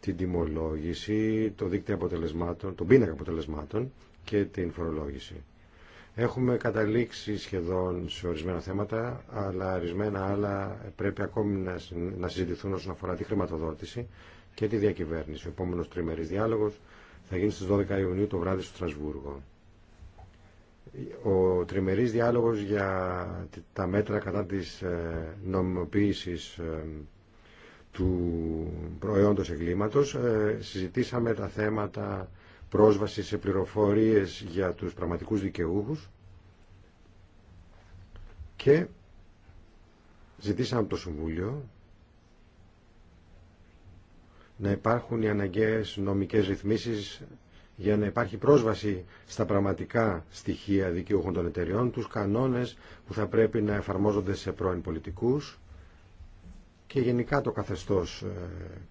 την τιμολόγηση, το δίκτυο αποτελεσμάτων, τον πίνακα αποτελεσμάτων και την φορολόγηση. Έχουμε καταλήξει σχεδόν σε ορισμένα θέματα, αλλά ορισμένα άλλα πρέπει ακόμη να συζητηθούν όσον αφορά τη χρηματοδότηση και τη διακυβέρνηση. Ο επόμενο τριμερή διάλογο θα γίνει στις 12 Ιουνίου το βράδυ στο Στρασβούργο. Ο τριμερής διάλογος για τα μέτρα κατά της ε, νομιμοποίησης ε, του προϊόντος εγκλήματος ε, συζητήσαμε τα θέματα πρόσβαση σε πληροφορίες για τους πραγματικούς δικαιούχους και ζητήσαμε από το Συμβούλιο να υπάρχουν οι αναγκαίες νομικές ρυθμίσεις για να υπάρχει πρόσβαση στα πραγματικά στοιχεία δικαιούχων των εταιριών, τους κανόνες που θα πρέπει να εφαρμόζονται σε πρώην πολιτικούς και γενικά το καθεστώς ε,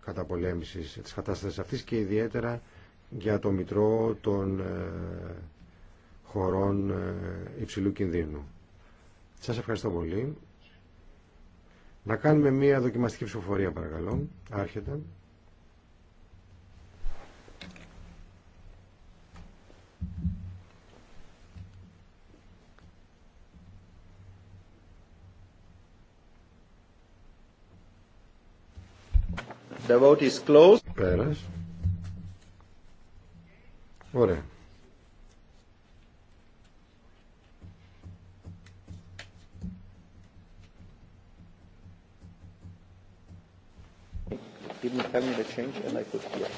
καταπολέμησης της κατάστασης αυτής και ιδιαίτερα για το Μητρό των ε, χωρών ε, υψηλού κινδύνου. Σας ευχαριστώ πολύ. Να κάνουμε μία δοκιμαστική ψηφοφορία παρακαλώ. Άρχεται. The vote is closed. Πέρας. Ωραία. Didn't tell me the change and I put here.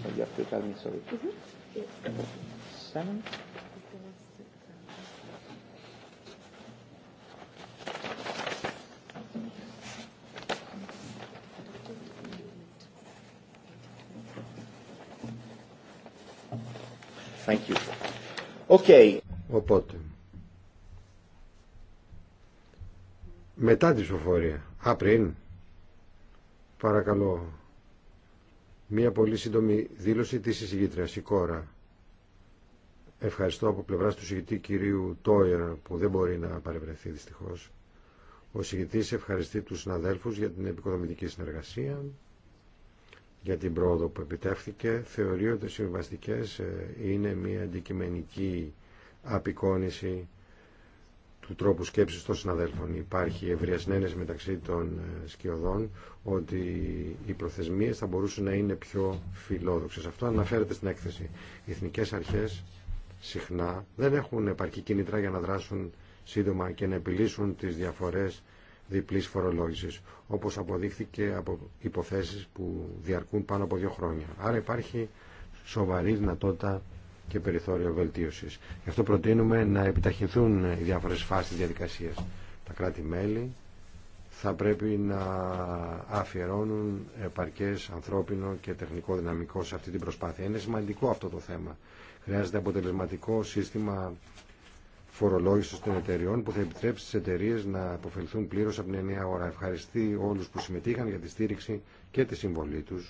So you have to tell me, sorry. Mm -hmm. Seven. Thank you. Okay. Οπότε. Μετά τη σοφορία. Α, πριν. Παρακαλώ. Μία πολύ σύντομη δήλωση της εισηγήτριας, η κόρα. Ευχαριστώ από πλευράς του συγητή κυρίου Τόιερ που δεν μπορεί να παρευρεθεί δυστυχώς. Ο συγητής ευχαριστεί τους συναδέλφους για την επικοδομητική συνεργασία για την πρόοδο που επιτεύχθηκε. Θεωρεί ότι οι συμβαστικές ε, είναι μια αντικειμενική απεικόνηση του τρόπου σκέψης των συναδέλφων. Υπάρχει ευρεία συνένεση μεταξύ των ε, σκιωδών ότι οι προθεσμίες θα μπορούσαν να είναι πιο φιλόδοξες. Αυτό αναφέρεται στην έκθεση. Οι εθνικές αρχές συχνά δεν έχουν επαρκή κίνητρα για να δράσουν σύντομα και να επιλύσουν τις διαφορές διπλής φορολόγησης, όπως αποδείχθηκε από υποθέσεις που διαρκούν πάνω από δύο χρόνια. Άρα υπάρχει σοβαρή δυνατότητα και περιθώριο βελτίωσης. Γι' αυτό προτείνουμε να επιταχυνθούν οι διάφορες φάσεις διαδικασίας. Τα κράτη-μέλη θα πρέπει να αφιερώνουν επαρκές ανθρώπινο και τεχνικό δυναμικό σε αυτή την προσπάθεια. Είναι σημαντικό αυτό το θέμα. Χρειάζεται αποτελεσματικό σύστημα φορολόγηση των εταιριών που θα επιτρέψει τι εταιρείε να αποφελθούν πλήρω από την ενιαία ώρα. Ευχαριστεί όλου που συμμετείχαν για τη στήριξη και τη συμβολή του.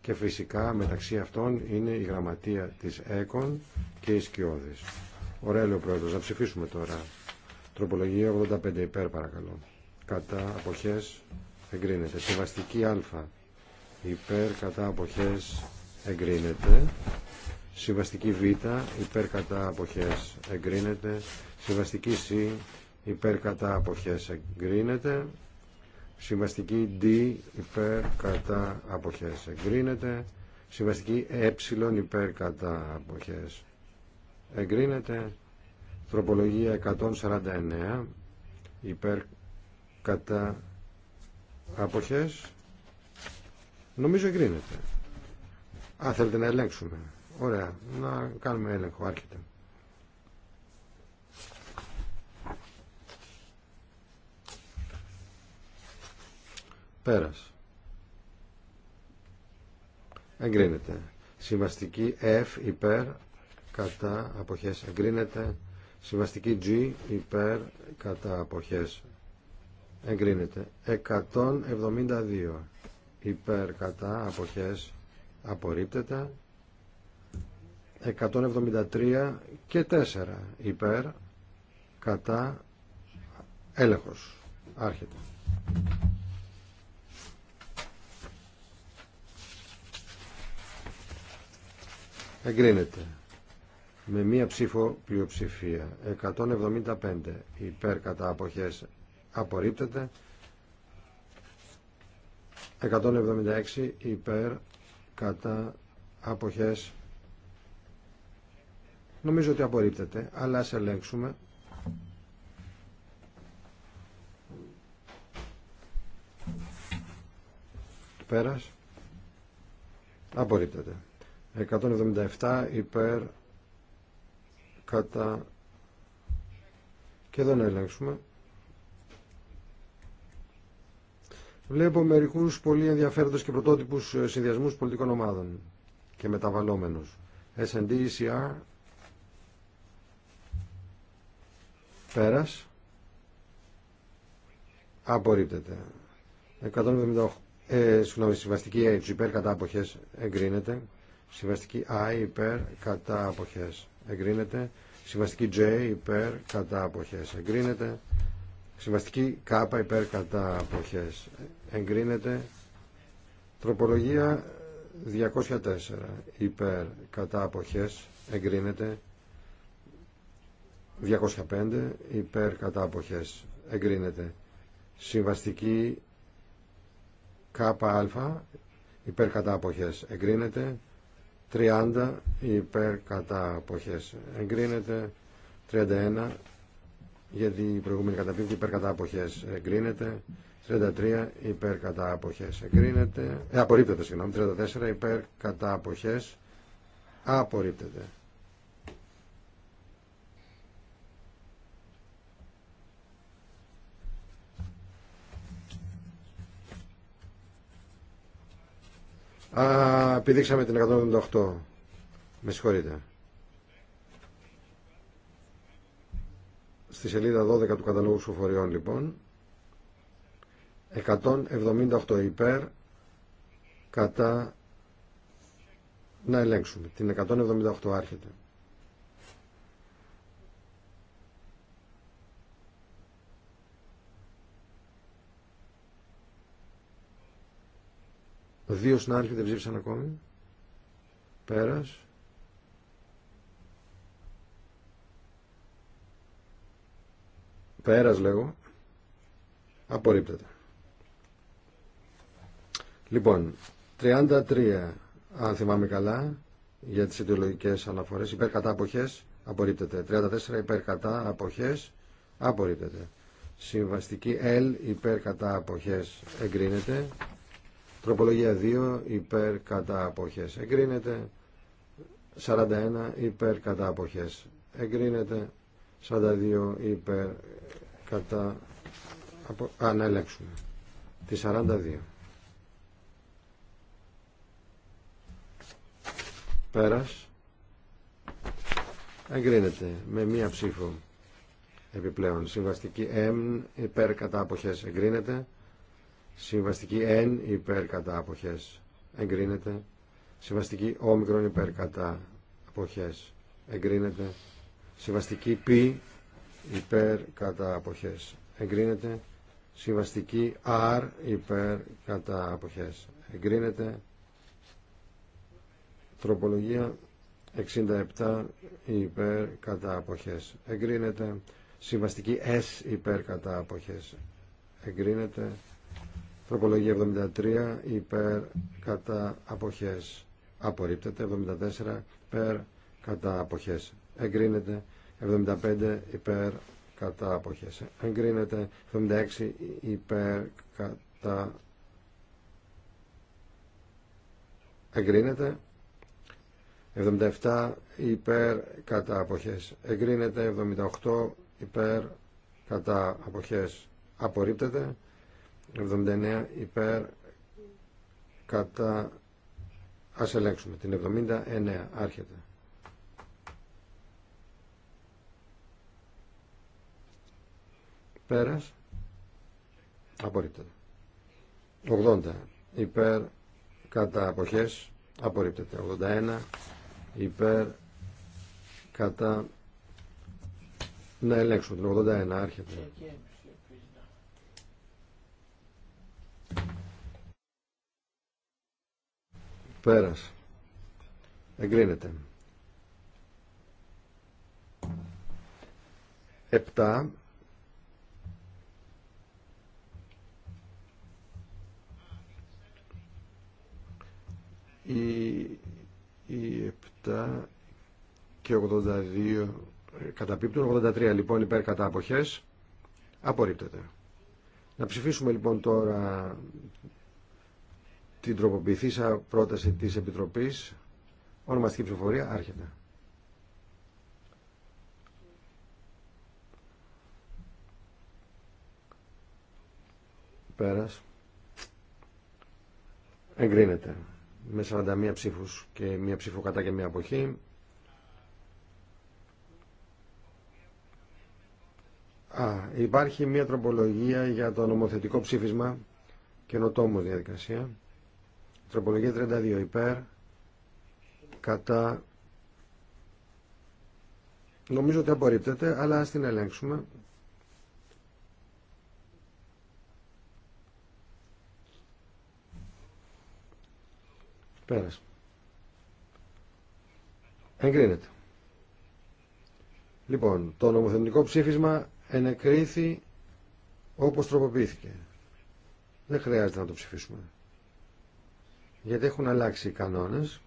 Και φυσικά μεταξύ αυτών είναι η γραμματεία τη ΕΚΟΝ και οι Σκιώδη. Ωραία, λέει ο πρόεδρο. Να ψηφίσουμε τώρα. Τροπολογία 85 υπέρ, παρακαλώ. Κατά αποχέ εγκρίνεται. Σεβαστική Α. Υπέρ, κατά αποχέ εγκρίνεται. Συμβαστική Β υπέρ κατά αποχές εγκρίνεται. Συμβαστική Σ υπέρ κατά αποχές εγκρίνεται. Συμβαστική D υπέρ κατά αποχές εγκρίνεται. Συμβαστική ε υπέρ κατά αποχές εγκρίνεται. Τροπολογία 149 υπέρ κατά αποχές νομίζω εγκρίνεται. Αν θέλετε να ελέγξουμε. Ωραία. Να κάνουμε έλεγχο. Άρχεται. Πέρας. Εγκρίνεται. Συμβαστική F υπέρ κατά αποχές εγκρίνεται. Συμβαστική G υπέρ κατά αποχές εγκρίνεται. 172 υπέρ κατά αποχές απορρίπτεται. 173 και 4 υπέρ κατά έλεγχος άρχεται εγκρίνεται με μία ψήφο πλειοψηφία 175 υπέρ κατά αποχές απορρίπτεται 176 υπέρ κατά αποχές Νομίζω ότι απορρίπτεται, αλλά ας ελέγξουμε. Πέρας. Απορρίπτεται. 177 υπέρ κατά και εδώ να ελέγξουμε. Βλέπω μερικούς πολύ ενδιαφέροντες και πρωτότυπους συνδυασμούς πολιτικών ομάδων και μεταβαλλόμενους. S&D, ECR, Πέρας. Απορρίπτεται. 178. Ε, συγγνώμη, συμβαστική H υπέρ κατά αποχές εγκρίνεται. Συμβαστική I υπέρ κατά αποχές εγκρίνεται. Συμβαστική J υπέρ κατά αποχές εγκρίνεται. Συμβαστική K υπέρ κατά αποχές εγκρίνεται. Τροπολογία 204 υπέρ κατά αποχές εγκρίνεται. 205 υπέρ κατά αποχές εγκρίνεται συμβαστική ΚΑ υπέρ κατά αποχές εγκρίνεται 30 υπέρ κατά εγκρίνεται 31 γιατί η προηγούμενη καταπίπτει υπέρ κατά εγκρίνεται 33 υπέρ κατά αποχές εγκρίνεται ε, απορρίπτεται συγγνώμη 34 υπέρ κατά αποχές απορρίπτεται Α, πηδήξαμε την 178. Με συγχωρείτε. Στη σελίδα 12 του καταλόγου Σοφοριών λοιπόν. 178 υπέρ κατά να ελέγξουμε. Την 178 άρχεται. Δύο συνάδελφοι δεν ψήφισαν ακόμη. Πέρας. Πέρας λέγω. Απορρίπτεται. Λοιπόν, 33 αν θυμάμαι καλά για τις ιδεολογικέ αναφορέ υπέρ κατά αποχές απορρίπτεται. 34 υπέρ κατά αποχές απορρίπτεται. Συμβαστική L υπέρ κατά αποχές εγκρίνεται. Τροπολογία 2 υπέρ κατά αποχές εγκρίνεται. 41 υπέρ κατά αποχές εγκρίνεται. 42 υπέρ κατά απο... Α, να ελέγξουμε. Τη 42. Πέρας. Εγκρίνεται με μία ψήφο επιπλέον. Συμβαστική M υπέρ κατά αποχές εγκρίνεται. Συμβαστική N υπέρ κατά αποχές εγκρίνεται. Συμβαστική όμικρον υπέρ κατά αποχές εγκρίνεται. Συμβαστική π υπέρ κατά αποχές εγκρίνεται. Συμβαστική R υπέρ κατά αποχές εγκρίνεται. Τροπολογία 67 υπέρ κατά αποχές εγκρίνεται. Συμβαστική S υπέρ κατά αποχές εγκρίνεται. Τροπολογία 73 υπέρ κατά αποχές απορρίπτεται. 74 υπέρ κατά αποχές εγκρίνεται. 75 υπέρ κατά αποχές εγκρίνεται. 76 υπέρ κατά εγκρίνεται. 77 υπέρ κατά αποχές εγκρίνεται. 78 υπέρ κατά αποχές απορρίπτεται. 79 υπέρ κατά ας ελέγξουμε την 79 άρχεται πέρας απορρίπτεται 80 υπέρ κατά αποχές απορρίπτεται 81 υπέρ κατά να ελέγξουμε την 81 άρχεται Πέρας. Εγκρίνεται. 7. Η, η 7 και 82 καταπίπτουν. 83 λοιπόν υπέρ κατά Απορρίπτεται. Να ψηφίσουμε λοιπόν τώρα την τροποποιηθήσα πρόταση της Επιτροπής. Ονομαστική ψηφοφορία άρχεται. Πέρας. Εγκρίνεται. Με 41 ψήφους και μία ψήφο κατά και μία αποχή. Α, υπάρχει μία τροπολογία για το νομοθετικό ψήφισμα καινοτόμως διαδικασία. Τροπολογία 32 υπέρ. Κατά. Νομίζω ότι απορρίπτεται, αλλά ας την ελέγξουμε. Πέρασε. Εγκρίνεται. Λοιπόν, το νομοθετικό ψήφισμα ενεκρίθη όπως τροποποιήθηκε. Δεν χρειάζεται να το ψηφίσουμε γιατί έχουν αλλάξει οι κανόνες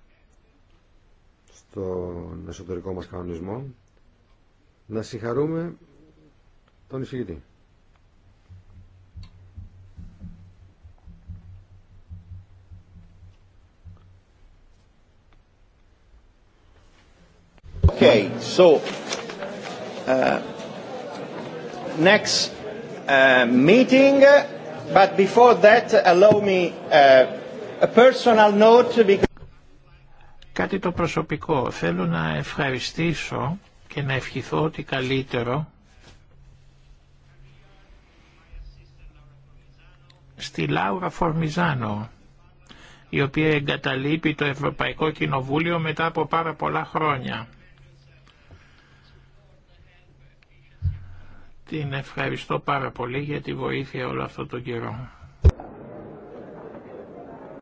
στον εσωτερικό μας κανονισμό να συγχαρούμε τον εισηγητή. Okay, so uh, next uh, meeting, but before that, allow me uh, Κάτι το προσωπικό. Θέλω να ευχαριστήσω και να ευχηθώ ότι καλύτερο στη Λάουρα Φορμιζάνο, η οποία εγκαταλείπει το Ευρωπαϊκό Κοινοβούλιο μετά από πάρα πολλά χρόνια. Την ευχαριστώ πάρα πολύ για τη βοήθεια όλο αυτό τον καιρό.